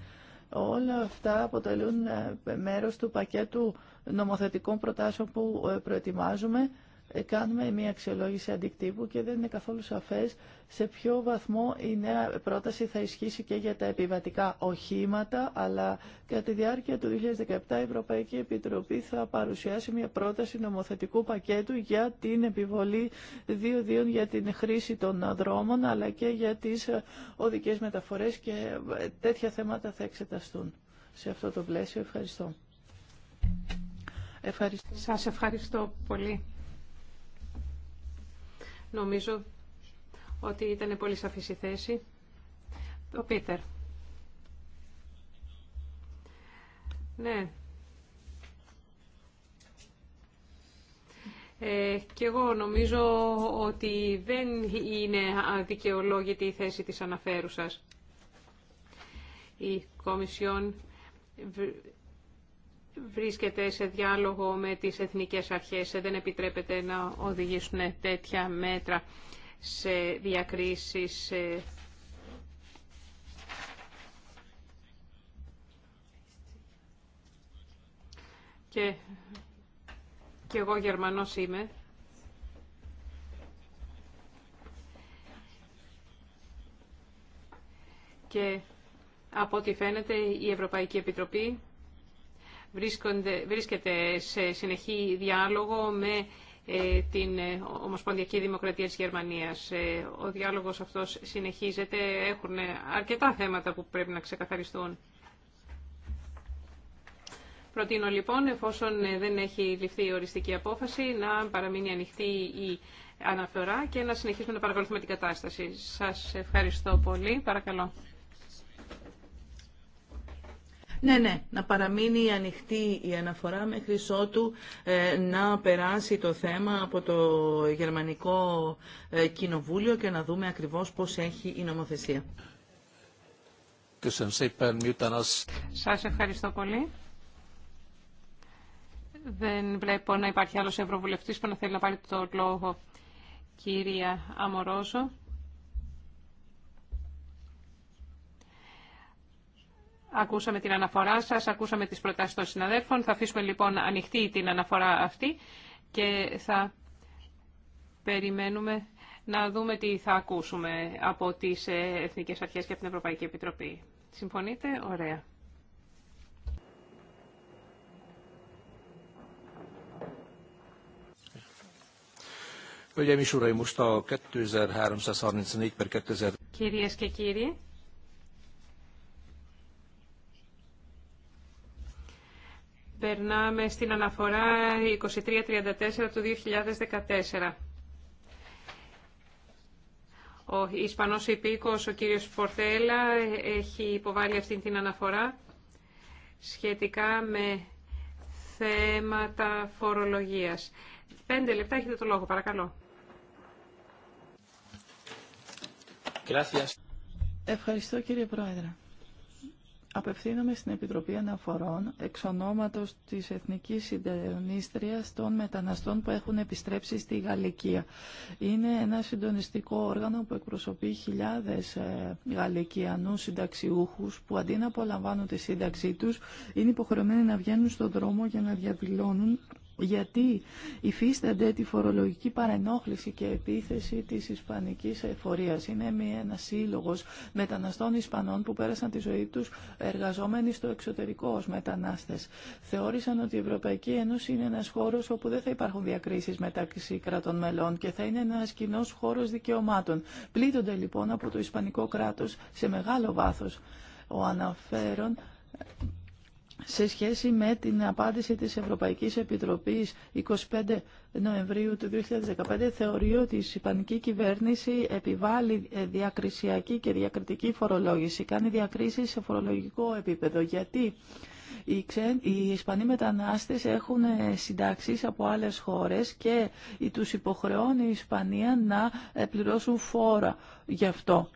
Όλα αυτά αποτελούν ε, μέρος του πακέτου νομοθετικών προτάσεων που ε, προετοιμάζουμε ε, κάνουμε μια αξιολόγηση αντικτύπου και δεν είναι καθόλου σαφές σε ποιο βαθμό η νέα πρόταση θα ισχύσει και για τα επιβατικά οχήματα, αλλά κατά τη διάρκεια του 2017 η Ευρωπαϊκή Επιτροπή θα παρουσιάσει μια πρόταση νομοθετικού πακέτου για την επιβολή για την χρήση των δρόμων, αλλά και για τις ε, οδικές μεταφορές και ε, τέτοια θέματα θα εξεταστούν. Σε αυτό το πλαίσιο ευχαριστώ. ευχαριστώ. Σας ευχαριστώ πολύ. Νομίζω ότι ήταν πολύ σαφής η θέση. Ο Πίτερ. Ναι. Ε, και εγώ νομίζω ότι δεν είναι αδικαιολόγητη η θέση της αναφέρουσας. Η Κομισιόν βρίσκεται σε διάλογο με τις εθνικές αρχές. Δεν επιτρέπεται να οδηγήσουν τέτοια μέτρα σε διακρίσεις και, και εγώ Γερμανός είμαι. Και από ό,τι φαίνεται η Ευρωπαϊκή Επιτροπή βρίσκεται σε συνεχή διάλογο με ε, την ε, Ομοσπονδιακή Δημοκρατία της Γερμανίας. Ε, ο διάλογος αυτός συνεχίζεται. Έχουν αρκετά θέματα που πρέπει να ξεκαθαριστούν. Προτείνω λοιπόν, εφόσον δεν έχει ληφθεί η οριστική απόφαση, να παραμείνει ανοιχτή η αναφορά και να συνεχίσουμε να παρακολουθούμε την κατάσταση. Σας ευχαριστώ πολύ. Παρακαλώ. Ναι, ναι, να παραμείνει ανοιχτή η αναφορά μέχρι ότου ε, να περάσει το θέμα από το Γερμανικό ε, Κοινοβούλιο και να δούμε ακριβώς πώς έχει η νομοθεσία. Σας ευχαριστώ πολύ. Δεν βλέπω να υπάρχει άλλος ευρωβουλευτής που να θέλει να πάρει το λόγο. Κυρία Αμορόζο. Ακούσαμε την αναφορά σας, ακούσαμε τις προτάσει των συναδέλφων. Θα αφήσουμε λοιπόν ανοιχτή την αναφορά αυτή και θα περιμένουμε να δούμε τι θα ακούσουμε από τις ε, Εθνικές Αρχές και από την Ευρωπαϊκή Επιτροπή. Συμφωνείτε? Ωραία. Κυρίες και κύριοι, Περνάμε στην αναφορά 2334 του 2014. Ο Ισπανός υπήκος, ο κύριος Πορτέλα, έχει υποβάλει αυτή την αναφορά σχετικά με θέματα φορολογίας. Πέντε λεπτά έχετε το λόγο, παρακαλώ. Ευχαριστώ κύριε Πρόεδρε. Απευθύνομαι στην Επιτροπή Αναφορών εξ ονόματος της Εθνικής Συντονίστριας των μεταναστών που έχουν επιστρέψει στη Γαλλικία. Είναι ένα συντονιστικό όργανο που εκπροσωπεί χιλιάδες ε, Γαλλικιανούς συνταξιούχους που αντί να απολαμβάνουν τη σύνταξή τους είναι υποχρεωμένοι να βγαίνουν στον δρόμο για να διαδηλώνουν γιατί υφίστανται τη φορολογική παρενόχληση και επίθεση της Ισπανικής εφορίας. Είναι ένα σύλλογο μεταναστών Ισπανών που πέρασαν τη ζωή τους εργαζόμενοι στο εξωτερικό ως μετανάστες. Θεώρησαν ότι η Ευρωπαϊκή Ένωση είναι ένας χώρος όπου δεν θα υπάρχουν διακρίσεις μεταξύ κρατών μελών και θα είναι ένας κοινό χώρος δικαιωμάτων. Πλήττονται λοιπόν από το Ισπανικό κράτος σε μεγάλο βάθος. Ο αναφέρον σε σχέση με την απάντηση της Ευρωπαϊκής Επιτροπής 25 Νοεμβρίου του 2015 θεωρεί ότι η Ισπανική κυβέρνηση επιβάλλει ε, διακρισιακή και διακριτική φορολόγηση, κάνει διακρίσεις σε φορολογικό επίπεδο. Γιατί οι, οι Ισπανοί μετανάστες έχουν ε, συντάξεις από άλλες χώρες και τους υποχρεώνει η Ισπανία να ε, πληρώσουν φόρα γι' αυτό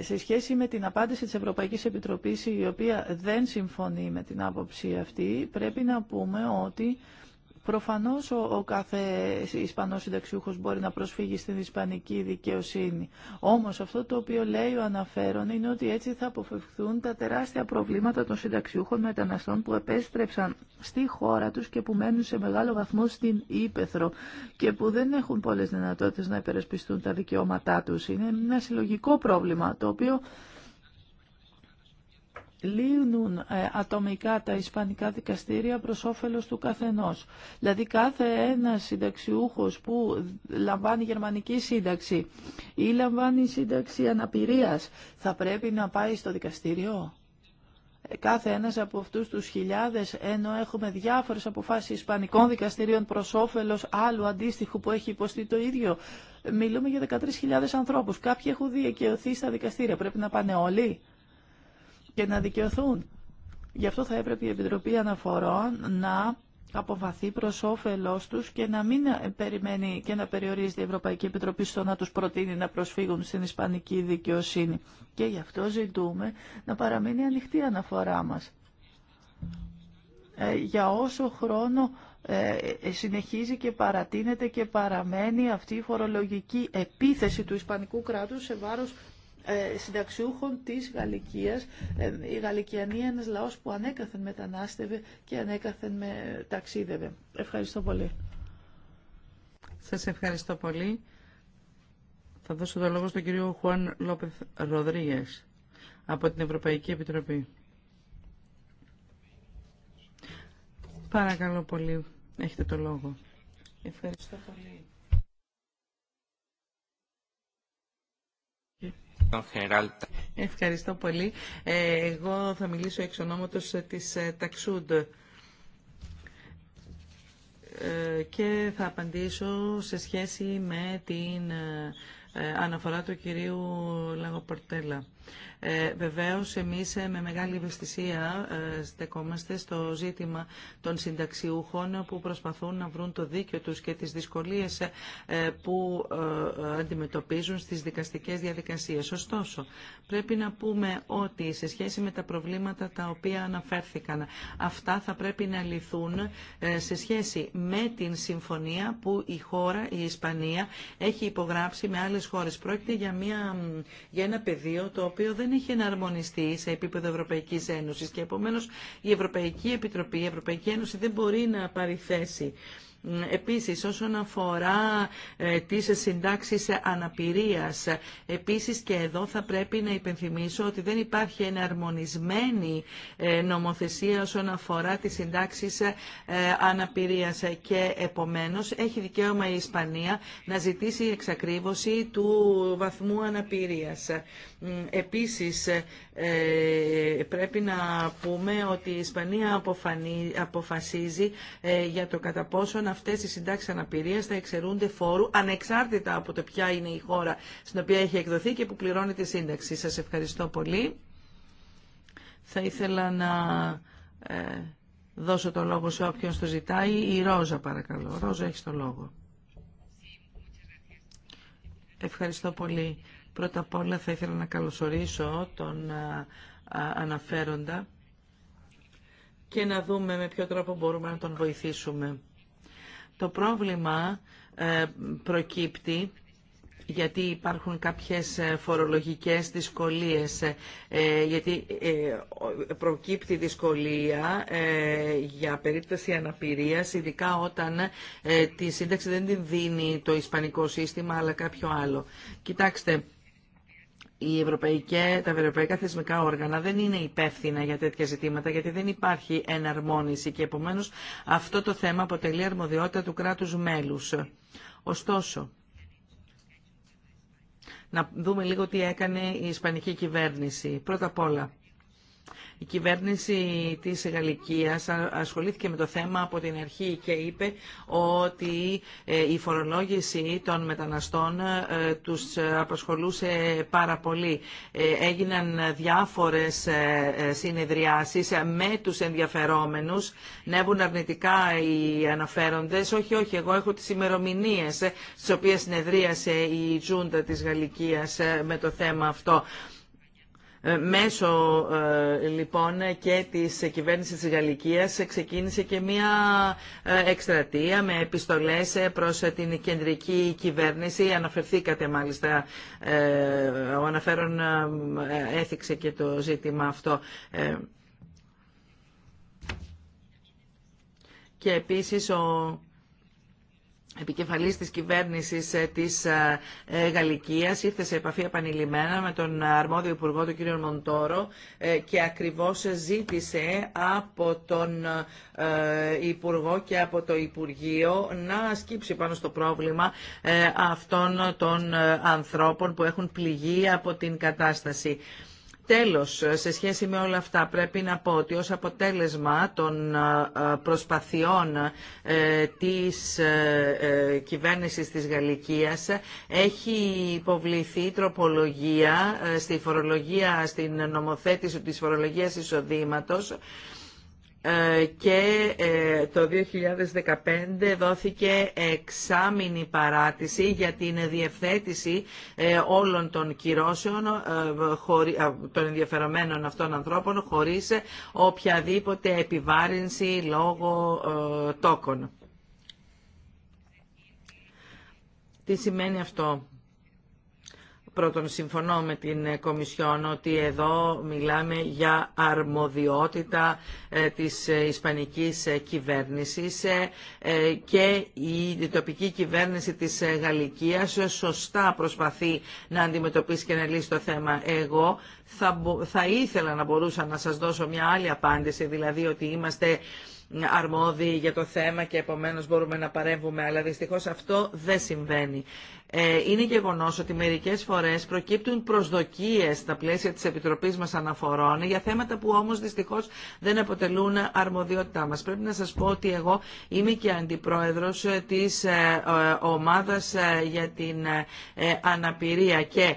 σε σχέση με την απάντηση της Ευρωπαϊκής Επιτροπής η οποία δεν συμφωνεί με την άποψη αυτή, πρέπει να πούμε ότι Προφανώς ο, ο κάθε Ισπανός συνταξιούχος μπορεί να προσφύγει στην Ισπανική δικαιοσύνη. Όμως αυτό το οποίο λέει ο αναφέρον είναι ότι έτσι θα αποφευχθούν τα τεράστια προβλήματα των συνταξιούχων μεταναστών που επέστρεψαν στη χώρα τους και που μένουν σε μεγάλο βαθμό στην Ήπεθρο και που δεν έχουν πολλές δυνατότητες να υπερασπιστούν τα δικαιώματά τους. Είναι ένα συλλογικό πρόβλημα το οποίο λύνουν ε, ατομικά τα ισπανικά δικαστήρια προς όφελος του καθενός. Δηλαδή κάθε ένας συνταξιούχος που λαμβάνει γερμανική σύνταξη ή λαμβάνει σύνταξη αναπηρίας θα πρέπει να πάει στο δικαστήριο. Ε, κάθε ένας από αυτούς τους χιλιάδες, ενώ έχουμε διάφορες αποφάσεις ισπανικών δικαστηρίων προς όφελος άλλου αντίστοιχου που έχει υποστεί το ίδιο, μιλούμε για 13.000 ανθρώπους. Κάποιοι έχουν διεκαιωθεί στα δικαστήρια. Πρέπει να πάνε όλοι και να δικαιωθούν. Γι' αυτό θα έπρεπε η Επιτροπή Αναφορών να αποβαθεί προ όφελό του και να μην περιμένει και να περιορίζει η Ευρωπαϊκή Επιτροπή στο να του προτείνει να προσφύγουν στην Ισπανική δικαιοσύνη. Και γι' αυτό ζητούμε να παραμείνει ανοιχτή η αναφορά μα. Ε, για όσο χρόνο ε, ε, συνεχίζει και παρατείνεται και παραμένει αυτή η φορολογική επίθεση του Ισπανικού κράτους σε βάρος ε, συνταξιούχων της Γαλλικίας. Ε, η Γαλλικιανία είναι ένας λαός που ανέκαθεν μετανάστευε και ανέκαθεν με ταξίδευε. Ευχαριστώ πολύ. Σας ευχαριστώ πολύ. Θα δώσω το λόγο στον κύριο Χουάν Λόπεθ Ροδρίγες από την Ευρωπαϊκή Επιτροπή. Παρακαλώ πολύ. Έχετε το λόγο. Ευχαριστώ πολύ. Ευχαριστώ πολύ. Ε, εγώ θα μιλήσω εξ ονόματος ε, της ε, Ταξούντ και θα απαντήσω σε σχέση με την αναφορά του κυρίου Λαγοπορτέλα. Ε, βεβαίως εμείς ε, με μεγάλη ευαισθησία ε, στεκόμαστε στο ζήτημα των συνταξιούχων που προσπαθούν να βρουν το δίκιο τους και τις δυσκολίες ε, που αντιμετωπίζουν στις δικαστικές διαδικασίες. Ωστόσο, πρέπει να πούμε ότι σε σχέση με τα προβλήματα τα οποία αναφέρθηκαν, αυτά θα πρέπει να λυθούν σε σχέση με την συμφωνία που η χώρα, η Ισπανία, έχει υπογράψει με άλλε χώρες. Πρόκειται για, μια, για ένα πεδίο το οποίο δεν έχει εναρμονιστεί σε επίπεδο Ευρωπαϊκή Ένωση. και επομένω η Ευρωπαϊκή Επιτροπή, η Ευρωπαϊκή Ένωση δεν μπορεί να πάρει θέση. Επίσης, όσον αφορά ε, τις συντάξεις αναπηρίας, επίσης και εδώ θα πρέπει να υπενθυμίσω ότι δεν υπάρχει εναρμονισμένη ε, νομοθεσία όσον αφορά τις συντάξεις ε, αναπηρίας και επομένως έχει δικαίωμα η Ισπανία να ζητήσει εξακρίβωση του βαθμού αναπηρίας. Επίσης, ε, πρέπει να πούμε ότι η Ισπανία αποφασίζει ε, για το κατά πόσον αυτές οι συντάξεις αναπηρίας θα εξαιρούνται φόρου ανεξάρτητα από το ποια είναι η χώρα στην οποία έχει εκδοθεί και που πληρώνει τη σύνταξη. Σας ευχαριστώ πολύ. Θα ήθελα να ε, δώσω το λόγο σε όποιον το ζητάει. Η Ρόζα παρακαλώ. Ρόζα έχει το λόγο. Ευχαριστώ πολύ. Πρώτα απ' όλα θα ήθελα να καλωσορίσω τον αναφέροντα και να δούμε με ποιο τρόπο μπορούμε να τον βοηθήσουμε. Το πρόβλημα ε, προκύπτει γιατί υπάρχουν κάποιες ε, φορολογικές δυσκολίες, ε, γιατί προκύπτει δυσκολία για περίπτωση αναπηρίας, ειδικά όταν τη σύνταξη δεν την δίνει το ισπανικό σύστημα, αλλά κάποιο άλλο. Κοιτάξτε, η ευρωπαϊκή, τα ευρωπαϊκά θεσμικά όργανα δεν είναι υπεύθυνα για τέτοια ζητήματα γιατί δεν υπάρχει εναρμόνιση και επομένως αυτό το θέμα αποτελεί αρμοδιότητα του κράτους μέλους. Ωστόσο, να δούμε λίγο τι έκανε η Ισπανική κυβέρνηση. Πρώτα απ' όλα, η κυβέρνηση της Γαλλικίας ασχολήθηκε με το θέμα από την αρχή και είπε ότι ε, η φορολόγηση των μεταναστών ε, τους απασχολούσε πάρα πολύ. Ε, έγιναν διάφορες συνεδριάσεις με τους ενδιαφερόμενους. Νεύουν αρνητικά οι αναφέροντες. Όχι, όχι, εγώ έχω τις ημερομηνίες στις οποίες συνεδρίασε η Τζούντα της Γαλλικίας με το θέμα αυτό. Ε, μέσω ε, λοιπόν και της κυβέρνησης της Γαλλικίας ξεκίνησε και μία ε, εκστρατεία με επιστολές προς την κεντρική κυβέρνηση. Αναφερθήκατε μάλιστα, ο αναφέρον έθιξε και το ζήτημα αυτό. Και επίσης ο επικεφαλής της κυβέρνησης ε, της ε, ε, Γαλλικίας ήρθε σε επαφή επανειλημμένα με τον αρμόδιο υπουργό του κ. Μοντόρο και ακριβώς ζήτησε από τον υπουργό και από το Υπουργείο να σκύψει πάνω στο πρόβλημα αυτών των ανθρώπων που έχουν πληγεί από την κατάσταση. Τέλος, σε σχέση με όλα αυτά πρέπει να πω ότι ως αποτέλεσμα των ε, προσπαθειών ε, της ε, κυβέρνησης της Γαλλικίας έχει υποβληθεί τροπολογία στη φορολογία, στην νομοθέτηση της φορολογίας εισοδήματος ε, και ε, το 2015 δόθηκε εξάμηνη παράτηση για την διευθέτηση ε, όλων των κυρώσεων των ενδιαφερομένων αυτών ανθρώπων χωρίς οποιαδήποτε επιβάρυνση λόγω τόκων. Τι σημαίνει αυτό. Πρώτον, συμφωνώ με την ε, Κομισιόν ότι εδώ μιλάμε για αρμοδιότητα ε, της ε, Ισπανικής κυβέρνησης και η τοπική κυβέρνηση της Γαλλικίας σωστά προσπαθεί να αντιμετωπίσει και να λύσει το θέμα. Εγώ θα, θα ήθελα να μπορούσα να σας δώσω μια άλλη απάντηση, δηλαδή ότι είμαστε αρμόδιοι για το θέμα και επομένως μπορούμε να παρέμβουμε, αλλά δυστυχώς αυτό δεν συμβαίνει. Ε, είναι γεγονό ότι μερικές φορές προκύπτουν προσδοκίες στα πλαίσια της Επιτροπής μας αναφορών για θέματα που όμως δυστυχώ δεν αποτελούν αρμοδιότητά μας. Πρέπει να σας πω ότι εγώ είμαι και αντιπρόεδρος ε, της ε, ομάδας για την αναπηρία και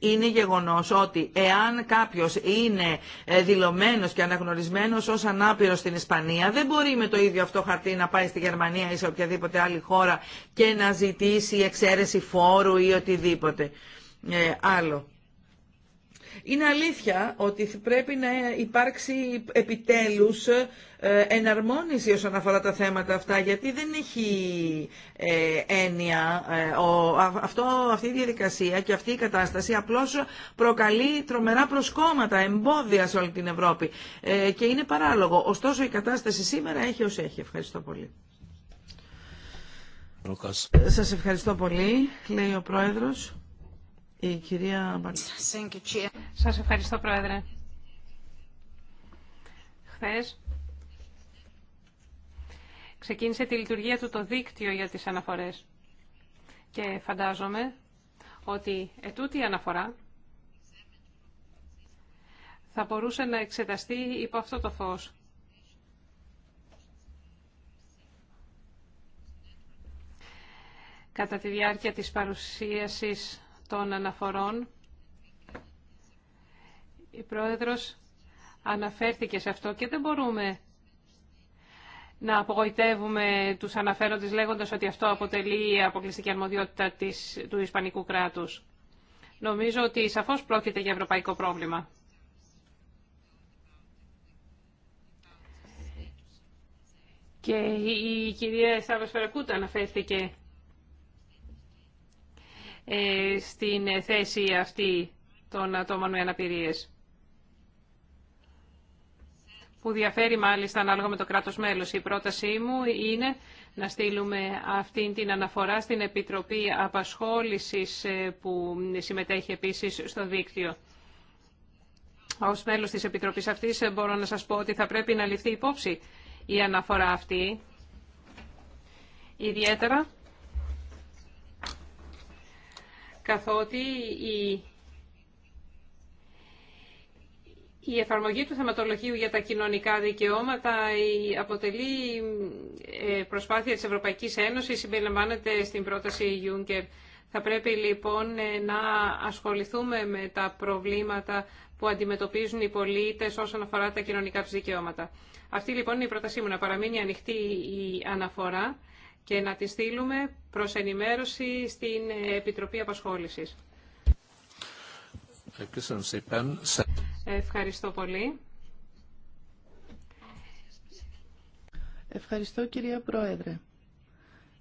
είναι γεγονός ότι εάν κάποιος είναι ε, δηλωμένος και αναγνωρισμένος ως ανάπηρος στην Ισπανία, δεν μπορεί με το ίδιο αυτό χαρτί να πάει στη Γερμανία ή σε οποιαδήποτε άλλη χώρα και να ζητήσει εξαίρεση φόρου ή οτιδήποτε ε, άλλο. Είναι αλήθεια ότι πρέπει να υπάρξει επιτέλους ε, εναρμόνιση όσον αφορά τα θέματα αυτά, γιατί δεν έχει ε, έννοια. Ε, αυτό, αυτή η διαδικασία και αυτή η κατάσταση απλώς προκαλεί τρομερά προσκόμματα, εμπόδια σε όλη την Ευρώπη και είναι παράλογο. Ωστόσο η κατάσταση σήμερα έχει ως έχει. Ευχαριστώ πολύ. Σας ευχαριστώ πολύ, λέει ο Πρόεδρος. Η Σας ευχαριστώ, Πρόεδρε. Χθες ξεκίνησε τη λειτουργία του το δίκτυο για τις αναφορές. Και φαντάζομαι ότι ετούτη η αναφορά θα μπορούσε να εξεταστεί υπό αυτό το φως. Κατά τη διάρκεια της παρουσίασης των αναφορών. Η Πρόεδρος αναφέρθηκε σε αυτό και δεν μπορούμε να απογοητεύουμε τους αναφέροντες λέγοντας ότι αυτό αποτελεί αποκλειστική αρμοδιότητα της, του Ισπανικού κράτους. Νομίζω ότι σαφώς πρόκειται για ευρωπαϊκό πρόβλημα. Και η κυρία Σάββας Φερακούτα αναφέρθηκε ε, στην θέση αυτή των ατόμων με αναπηρίες. Που διαφέρει μάλιστα ανάλογα με το κράτος μέλος. Η πρότασή μου είναι να στείλουμε αυτή την αναφορά στην Επιτροπή Απασχόλησης ε, που συμμετέχει επίσης στο δίκτυο. Ως μέλος της Επιτροπής αυτής ε, μπορώ να σας πω ότι θα πρέπει να ληφθεί υπόψη η αναφορά αυτή. Ιδιαίτερα καθότι η η εφαρμογή του θεματολογίου για τα κοινωνικά δικαιώματα αποτελεί ε, προσπάθεια της Ευρωπαϊκής Ένωσης, συμπεριλαμβάνεται στην πρόταση Juncker. Θα πρέπει λοιπόν ε, να ασχοληθούμε με τα προβλήματα που αντιμετωπίζουν οι πολίτες όσον αφορά τα κοινωνικά τους δικαιώματα. Αυτή λοιπόν είναι η πρότασή μου, να παραμείνει ανοιχτή η αναφορά, και να τη στείλουμε προς ενημέρωση στην Επιτροπή Απασχόλησης. Ευχαριστώ πολύ. Ευχαριστώ κυρία Πρόεδρε.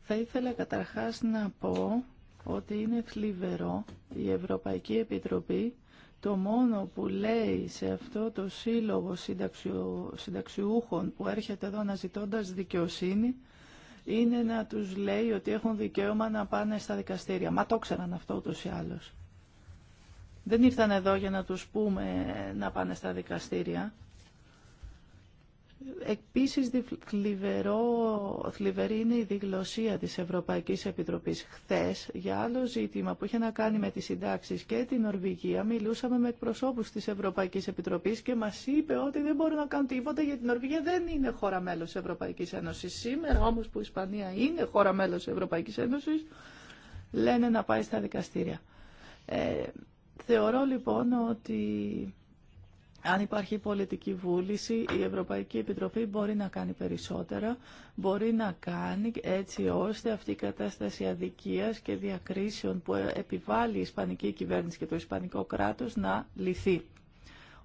Θα ήθελα καταρχάς να πω ότι είναι θλιβερό η Ευρωπαϊκή Επιτροπή το μόνο που λέει σε αυτό το σύλλογο συνταξιούχων που έρχεται εδώ αναζητώντας δικαιοσύνη είναι να τους λέει ότι έχουν δικαίωμα να πάνε στα δικαστήρια. Μα το ξέραν αυτό ούτως ή άλλως. Δεν ήρθαν εδώ για να τους πούμε να πάνε στα δικαστήρια. Επίσης θλιβερό, θλιβερή είναι η διγλωσία της Ευρωπαϊκής Επιτροπής. Χθες, για άλλο ζήτημα που είχε να κάνει με τις συντάξεις και την Νορβηγία, μιλούσαμε με εκπροσώπους της Ευρωπαϊκής Επιτροπής και μας είπε ότι δεν μπορούν να κάνουν τίποτα γιατί η Νορβηγία δεν είναι χώρα μέλος της Ευρωπαϊκής Ένωσης. Σήμερα όμως που η Ισπανία είναι χώρα μέλος της Ευρωπαϊκής Ένωσης, λένε να πάει στα δικαστήρια. Ε, θεωρώ λοιπόν ότι αν υπάρχει πολιτική βούληση, η Ευρωπαϊκή Επιτροπή μπορεί να κάνει περισσότερα, μπορεί να κάνει έτσι ώστε αυτή η κατάσταση αδικίας και διακρίσεων που επιβάλλει η Ισπανική κυβέρνηση και το Ισπανικό κράτος να λυθεί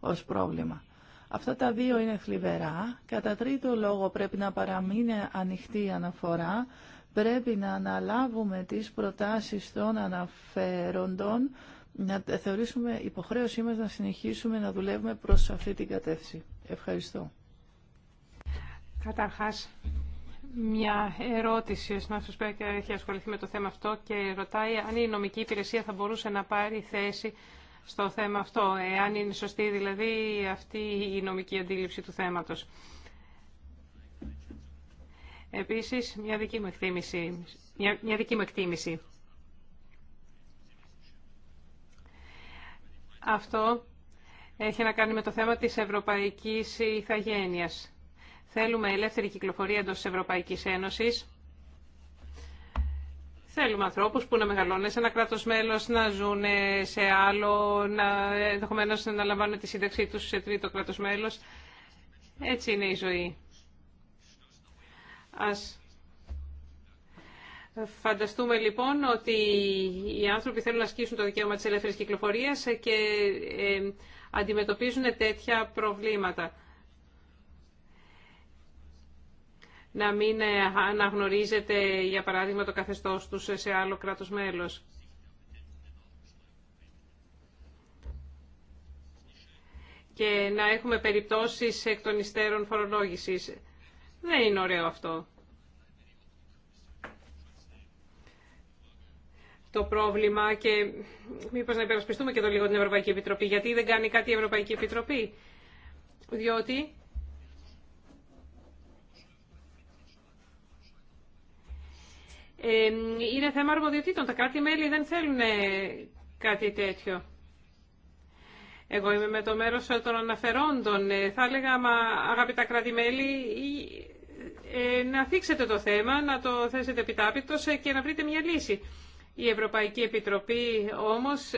ως πρόβλημα. Αυτά τα δύο είναι θλιβερά. Κατά τρίτο λόγο πρέπει να παραμείνει ανοιχτή η αναφορά. Πρέπει να αναλάβουμε τις προτάσεις των αναφέροντων να θεωρήσουμε υποχρέωσή μας να συνεχίσουμε να δουλεύουμε προς αυτή την κατεύθυνση. Ευχαριστώ. Καταρχάς, μια ερώτηση. Ο πω και έχει ασχοληθεί με το θέμα αυτό και ρωτάει αν η νομική υπηρεσία θα μπορούσε να πάρει θέση στο θέμα αυτό, εάν είναι σωστή δηλαδή αυτή η νομική αντίληψη του θέματος. Επίσης, μια δική μου εκτίμηση. Μια, μια δική μου εκτίμηση. Αυτό έχει να κάνει με το θέμα της ευρωπαϊκής ηθαγένειας. Θέλουμε ελεύθερη κυκλοφορία εντός της Ευρωπαϊκής Ένωσης. Θέλουμε ανθρώπους που να μεγαλώνουν σε ένα κράτος μέλος, να ζουν σε άλλο, να, ενδεχομένως να λαμβάνουν τη σύνταξή τους σε τρίτο κράτος μέλος. Έτσι είναι η ζωή. Ας Φανταστούμε λοιπόν ότι οι άνθρωποι θέλουν να ασκήσουν το δικαίωμα της ελεύθερης κυκλοφορίας και ε, αντιμετωπίζουν τέτοια προβλήματα. Να μην ε, αναγνωρίζεται, για παράδειγμα, το καθεστώς τους σε άλλο κράτος μέλος. Και να έχουμε περιπτώσεις εκ των υστέρων φορολόγησης. Δεν είναι ωραίο αυτό. το πρόβλημα και μήπως να υπερασπιστούμε και το λίγο την Ευρωπαϊκή Επιτροπή. Γιατί δεν κάνει κάτι η Ευρωπαϊκή Επιτροπή. Διότι είναι θέμα αρμοδιοτήτων. Τα κράτη-μέλη δεν θέλουν ε, κάτι τέτοιο. Εγώ είμαι με το μέρος των αναφερόντων. Ε, θα έλεγα, μα, αγαπητά κράτη-μέλη, ε, να θίξετε το θέμα, να το θέσετε επιτάπητος και να βρείτε μια λύση. Η Ευρωπαϊκή Επιτροπή όμως,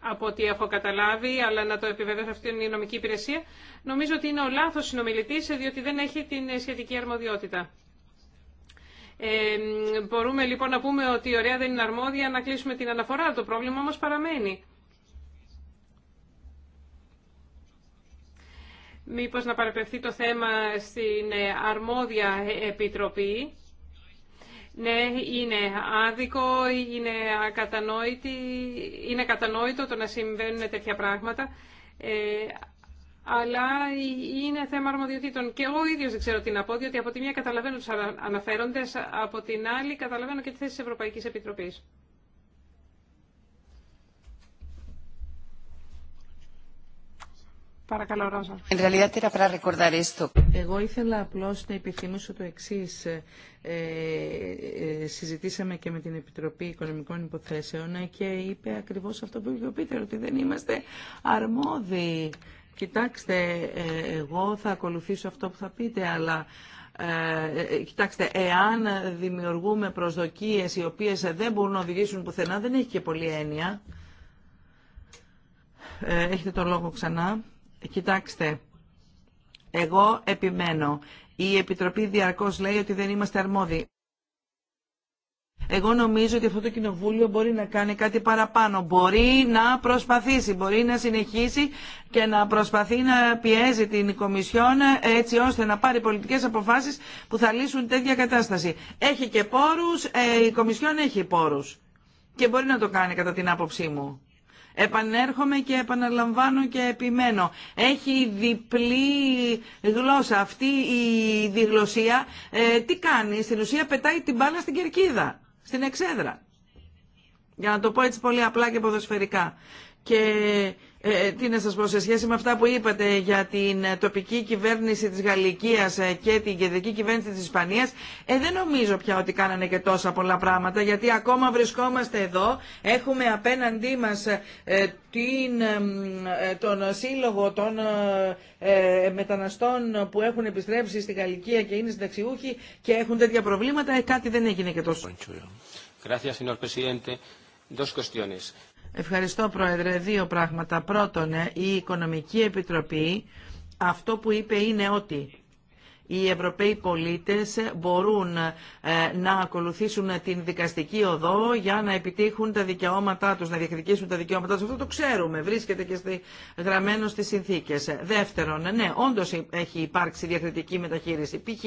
από ό,τι έχω καταλάβει, αλλά να το επιβεβαιώσω αυτή είναι η νομική υπηρεσία, νομίζω ότι είναι ο λάθος συνομιλητής, διότι δεν έχει την σχετική αρμοδιότητα. Ε, μπορούμε λοιπόν να πούμε ότι ωραία δεν είναι αρμόδια να κλείσουμε την αναφορά, το πρόβλημα όμως παραμένει. Μήπως να παραπευθεί το θέμα στην αρμόδια επιτροπή ναι, είναι άδικο, είναι, κατανόητο το να συμβαίνουν τέτοια πράγματα, ε, αλλά είναι θέμα αρμοδιοτήτων. Και εγώ ίδιο δεν ξέρω τι να πω, διότι από τη μία καταλαβαίνω του αναφέροντε, από την άλλη καταλαβαίνω και τη θέση τη Ευρωπαϊκή Επιτροπή. Παρακαλώ, Ρόζα. Εγώ ήθελα απλώ να επιθυμήσω το εξή ε, ε, ε, συζητήσαμε και με την Επιτροπή Οικονομικών Υποθέσεων και είπε ακριβώ αυτό που είπε ο Πίτερ, ότι δεν είμαστε αρμόδιοι. Κοιτάξτε, ε, εγώ θα ακολουθήσω αυτό που θα πείτε, αλλά ε, κοιτάξτε, εάν δημιουργούμε προσδοκίες οι οποίες δεν μπορούν να οδηγήσουν πουθενά, δεν έχει και πολλή έννοια. έχετε το λόγο ξανά. Ε, κοιτάξτε, εγώ επιμένω. Η Επιτροπή διαρκώς λέει ότι δεν είμαστε αρμόδιοι. Εγώ νομίζω ότι αυτό το κοινοβούλιο μπορεί να κάνει κάτι παραπάνω. Μπορεί να προσπαθήσει, μπορεί να συνεχίσει και να προσπαθεί να πιέζει την Κομισιόν έτσι ώστε να πάρει πολιτικές αποφάσεις που θα λύσουν τέτοια κατάσταση. Έχει και πόρους, ε, η Κομισιόν έχει πόρους και μπορεί να το κάνει κατά την άποψή μου. Επανέρχομαι και επαναλαμβάνω και επιμένω. Έχει διπλή γλώσσα. Αυτή η διγλωσσία. Ε, τι κάνει. Στην ουσία πετάει την μπάλα στην κερκίδα, στην εξέδρα. Για να το πω έτσι πολύ απλά και ποδοσφαιρικά. Και ε, ε, τι να σας πω σε σχέση με αυτά που είπατε για την ε, τοπική κυβέρνηση της Γαλλικίας και την κεντρική κυβέρνηση της Ισπανίας ε, δεν νομίζω πια ότι κάνανε και τόσα πολλά πράγματα γιατί ακόμα βρισκόμαστε εδώ έχουμε απέναντί μας ε, την, τον σύλλογο των μεταναστών που έχουν επιστρέψει στη Γαλλικία και είναι συνταξιούχοι και έχουν τέτοια προβλήματα κάτι δεν έγινε και τόσο. Ευχαριστώ Πρόεδρε. Δύο πράγματα. Πρώτον, ε, η Οικονομική Επιτροπή αυτό που είπε είναι ότι οι Ευρωπαίοι πολίτες μπορούν ε, να ακολουθήσουν την δικαστική οδό για να επιτύχουν τα δικαιώματά τους, να διεκδικήσουν τα δικαιώματά τους. Αυτό το ξέρουμε, βρίσκεται και γραμμένο στις συνθήκες. Δεύτερον, ναι, όντως έχει υπάρξει διακριτική μεταχείριση. Π.χ.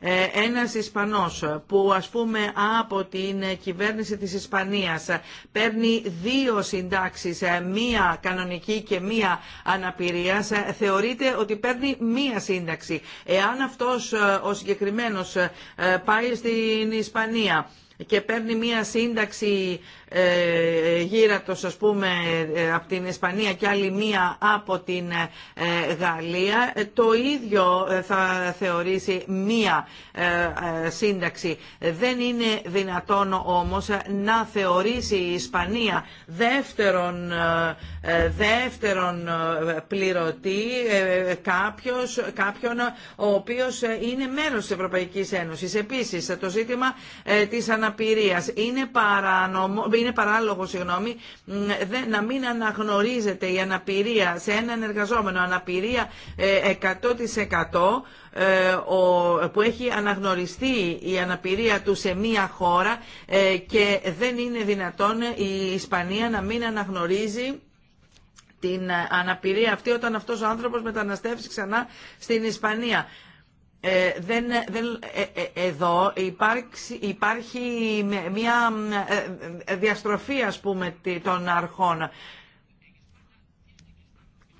Ε, ένας Ισπανός που ας πούμε από την κυβέρνηση της Ισπανίας παίρνει δύο συντάξεις, ε, μία κανονική και μία αναπηρίας, ε, θεωρείται ότι παίρνει μία σύνταξη. Εάν αυτός ο συγκεκριμένος πάει στην Ισπανία και παίρνει μία σύνταξη ε, γύρατος ας πούμε ε, από την Ισπανία και άλλη μία από την ε, Γαλλία το ίδιο θα θεωρήσει μία σύνταξη. Δεν είναι δυνατόν όμως να θεωρήσει η Ισπανία δεύτερον, δεύτερον πληρωτή κάποιος, κάποιον ο οποίος είναι μέρος της Ευρωπαϊκής Ένωσης. Επίσης το ζήτημα της αναπηρίας είναι παράνομο είναι παράλογο, συγγνώμη, να μην αναγνωρίζεται η αναπηρία σε έναν εργαζόμενο, αναπηρία 100% ε, ε, που έχει αναγνωριστεί η αναπηρία του σε μία χώρα ε, και δεν είναι δυνατόν η Ισπανία να μην αναγνωρίζει την αναπηρία αυτή όταν αυτός ο άνθρωπος μεταναστεύσει ξανά στην Ισπανία ε, δεν, δεν, ε, ε, εδώ υπάρξει, υπάρχει μια ε, ε, διαστροφή ας πούμε των αρχών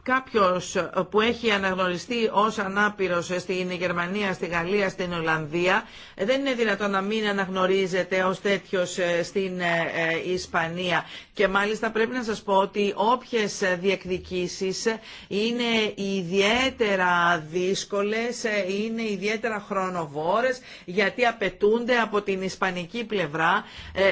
κάποιος ε, που έχει αναγνωριστεί ως ανάπηρος στην Γερμανία, στη Γαλλία, στην Ολλανδία, δεν είναι δυνατόν να μην αναγνωρίζεται ως τέτοιος ε, στην ε, Ισπανία. Και μάλιστα πρέπει να σας πω ότι όποιες διεκδικήσεις είναι ιδιαίτερα δύσκολες, είναι ιδιαίτερα χρονοβόρες, γιατί απαιτούνται από την ισπανική πλευρά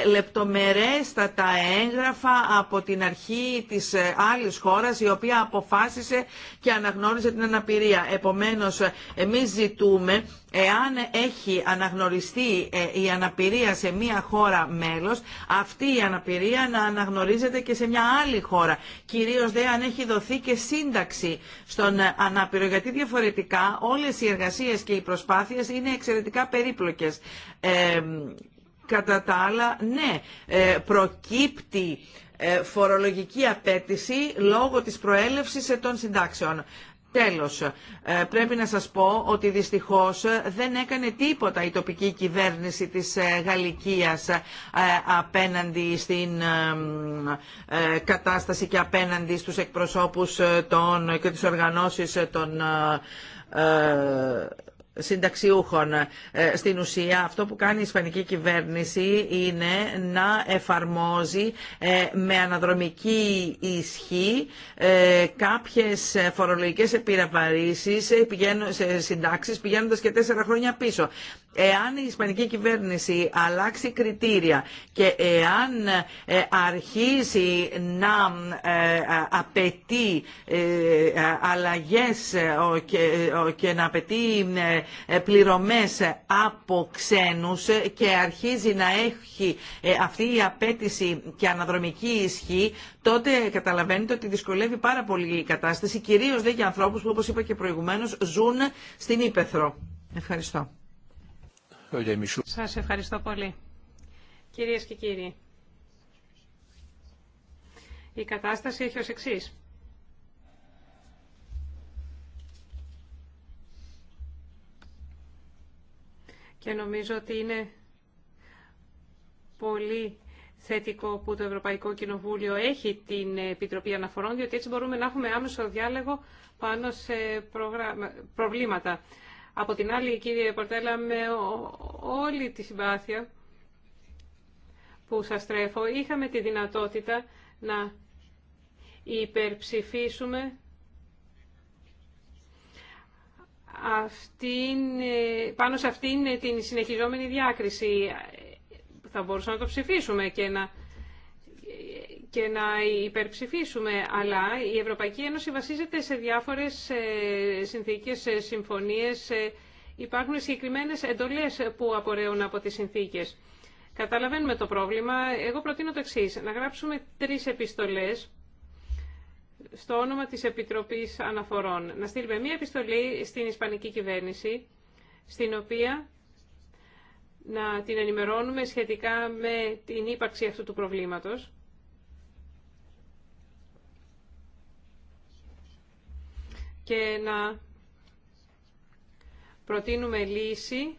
λεπτομερέστατα έγγραφα από την αρχή της άλλης χώρας, η οποία αποφάσισε αποφάσισε και αναγνώρισε την αναπηρία. Επομένως, εμείς ζητούμε, εάν έχει αναγνωριστεί ε, η αναπηρία σε μία χώρα μέλος, αυτή η αναπηρία να αναγνωρίζεται και σε μια άλλη χώρα. Κυρίως δε αν έχει δοθεί και σύνταξη στον ε, ανάπηρο, γιατί διαφορετικά όλες οι εργασίες και οι προσπάθειες είναι εξαιρετικά περίπλοκες. Ε, κατά τα άλλα, ναι, ε, προκύπτει ε, φορολογική απέτηση λόγω της προέλευσης των συντάξεων. Τέλος, ε, πρέπει να σας πω ότι δυστυχώς δεν έκανε τίποτα η τοπική κυβέρνηση της ε, Γαλλικίας απέναντι στην κατάσταση και απέναντι στους εκπροσώπους των, και τις οργανώσεις των συνταξιούχων. Ε, στην ουσία αυτό που κάνει η Ισπανική κυβέρνηση είναι να εφαρμόζει ε, με αναδρομική ισχύ ε, κάποιες φορολογικές επιραβαρήσεις σε συντάξεις πηγαίνοντας και τέσσερα χρόνια πίσω. Εάν η Ισπανική κυβέρνηση αλλάξει κριτήρια και εάν ε, αρχίσει να ε, απαιτεί ε, αλλαγές και να απαιτεί πληρωμές από ξένους και αρχίζει να έχει αυτή η απέτηση και αναδρομική ισχύ, τότε καταλαβαίνετε ότι δυσκολεύει πάρα πολύ η κατάσταση, κυρίως δε για ανθρώπους που όπως είπα και προηγουμένως ζουν στην Ήπεθρο. Ευχαριστώ. Σας ευχαριστώ πολύ. Κυρίες και κύριοι, η κατάσταση έχει ως εξής. Και νομίζω ότι είναι πολύ θετικό που το Ευρωπαϊκό Κοινοβούλιο έχει την Επιτροπή Αναφορών, διότι έτσι μπορούμε να έχουμε άμεσο διάλογο πάνω σε προβλήματα. Από την άλλη, κύριε Πορτέλα, με όλη τη συμπάθεια που σας τρέφω, είχαμε τη δυνατότητα να υπερψηφίσουμε αυτήν, πάνω σε αυτήν την συνεχιζόμενη διάκριση. Θα μπορούσαμε να το ψηφίσουμε και να και να υπερψηφίσουμε, αλλά η Ευρωπαϊκή Ένωση βασίζεται σε διάφορες ε, συνθήκες, ε, συμφωνίες, ε, υπάρχουν συγκεκριμένες εντολές που απορρέουν από τις συνθήκες. Καταλαβαίνουμε το πρόβλημα. Εγώ προτείνω το εξή. Να γράψουμε τρεις επιστολές στο όνομα της Επιτροπής Αναφορών. Να στείλουμε μία επιστολή στην Ισπανική κυβέρνηση, στην οποία να την ενημερώνουμε σχετικά με την ύπαρξη αυτού του προβλήματος. και να προτείνουμε λύση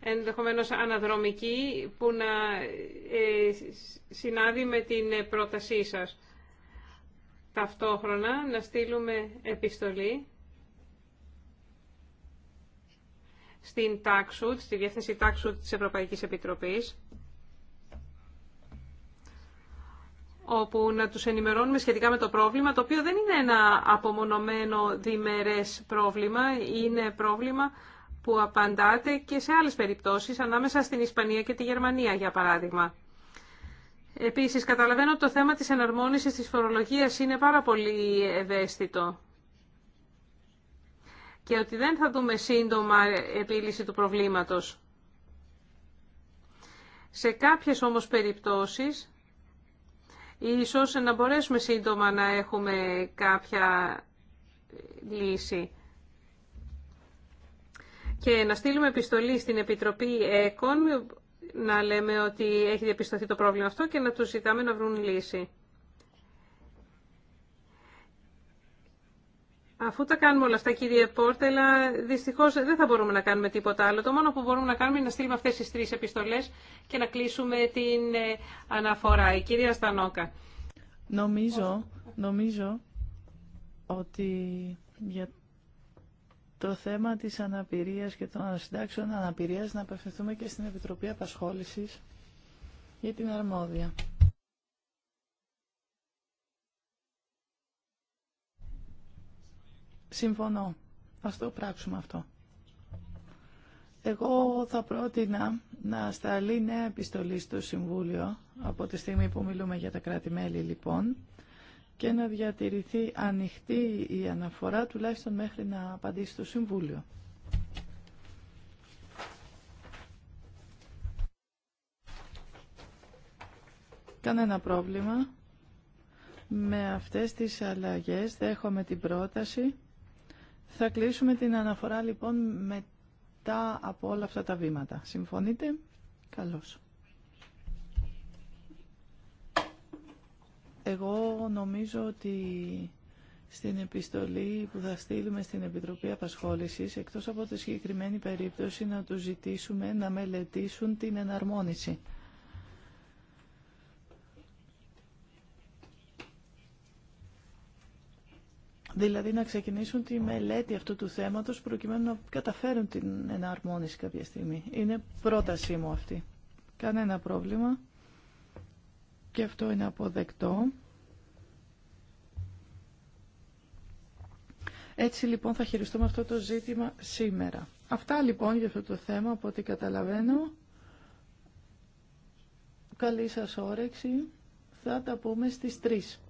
ενδεχομένως αναδρομική που να ε, συνάδει με την πρότασή σας. Ταυτόχρονα να στείλουμε επιστολή στην τάξου, στη Διεύθυνση Τάξου της Ευρωπαϊκής Επιτροπής όπου να τους ενημερώνουμε σχετικά με το πρόβλημα, το οποίο δεν είναι ένα απομονωμένο διμερές πρόβλημα, είναι πρόβλημα που απαντάται και σε άλλες περιπτώσεις, ανάμεσα στην Ισπανία και τη Γερμανία, για παράδειγμα. Επίσης, καταλαβαίνω ότι το θέμα της εναρμόνισης της φορολογίας είναι πάρα πολύ ευαίσθητο και ότι δεν θα δούμε σύντομα επίλυση του προβλήματος. Σε κάποιες όμως περιπτώσεις, Ίσως να μπορέσουμε σύντομα να έχουμε κάποια λύση. Και να στείλουμε επιστολή στην Επιτροπή ΕΚΟΝ να λέμε ότι έχει διαπιστωθεί το πρόβλημα αυτό και να τους ζητάμε να βρουν λύση. Αφού τα κάνουμε όλα αυτά, κύριε Πόρτελα, δυστυχώ δεν θα μπορούμε να κάνουμε τίποτα άλλο. Το μόνο που μπορούμε να κάνουμε είναι να στείλουμε αυτέ τι τρει επιστολέ και να κλείσουμε την ε, αναφορά. Η κυρία Στανόκα. Νομίζω, νομίζω ότι για το θέμα της αναπηρίας και των συντάξεων αναπηρίας να απευθυνθούμε και στην Επιτροπή Απασχόλησης για την αρμόδια. Συμφωνώ. Α το πράξουμε αυτό. Εγώ θα πρότεινα να σταλεί νέα επιστολή στο Συμβούλιο από τη στιγμή που μιλούμε για τα κράτη-μέλη λοιπόν και να διατηρηθεί ανοιχτή η αναφορά τουλάχιστον μέχρι να απαντήσει το Συμβούλιο. Κανένα πρόβλημα με αυτές τις αλλαγές δέχομαι την πρόταση θα κλείσουμε την αναφορά λοιπόν μετά από όλα αυτά τα βήματα. Συμφωνείτε? Καλώς. Εγώ νομίζω ότι στην επιστολή που θα στείλουμε στην Επιτροπή Απασχόλησης, εκτός από τη συγκεκριμένη περίπτωση, να τους ζητήσουμε να μελετήσουν την εναρμόνιση. δηλαδή να ξεκινήσουν τη μελέτη αυτού του θέματος προκειμένου να καταφέρουν την εναρμόνιση κάποια στιγμή. Είναι πρότασή μου αυτή. Κανένα πρόβλημα και αυτό είναι αποδεκτό. Έτσι λοιπόν θα χειριστούμε αυτό το ζήτημα σήμερα. Αυτά λοιπόν για αυτό το θέμα από ό,τι καταλαβαίνω. Καλή σας όρεξη. Θα τα πούμε στις 3.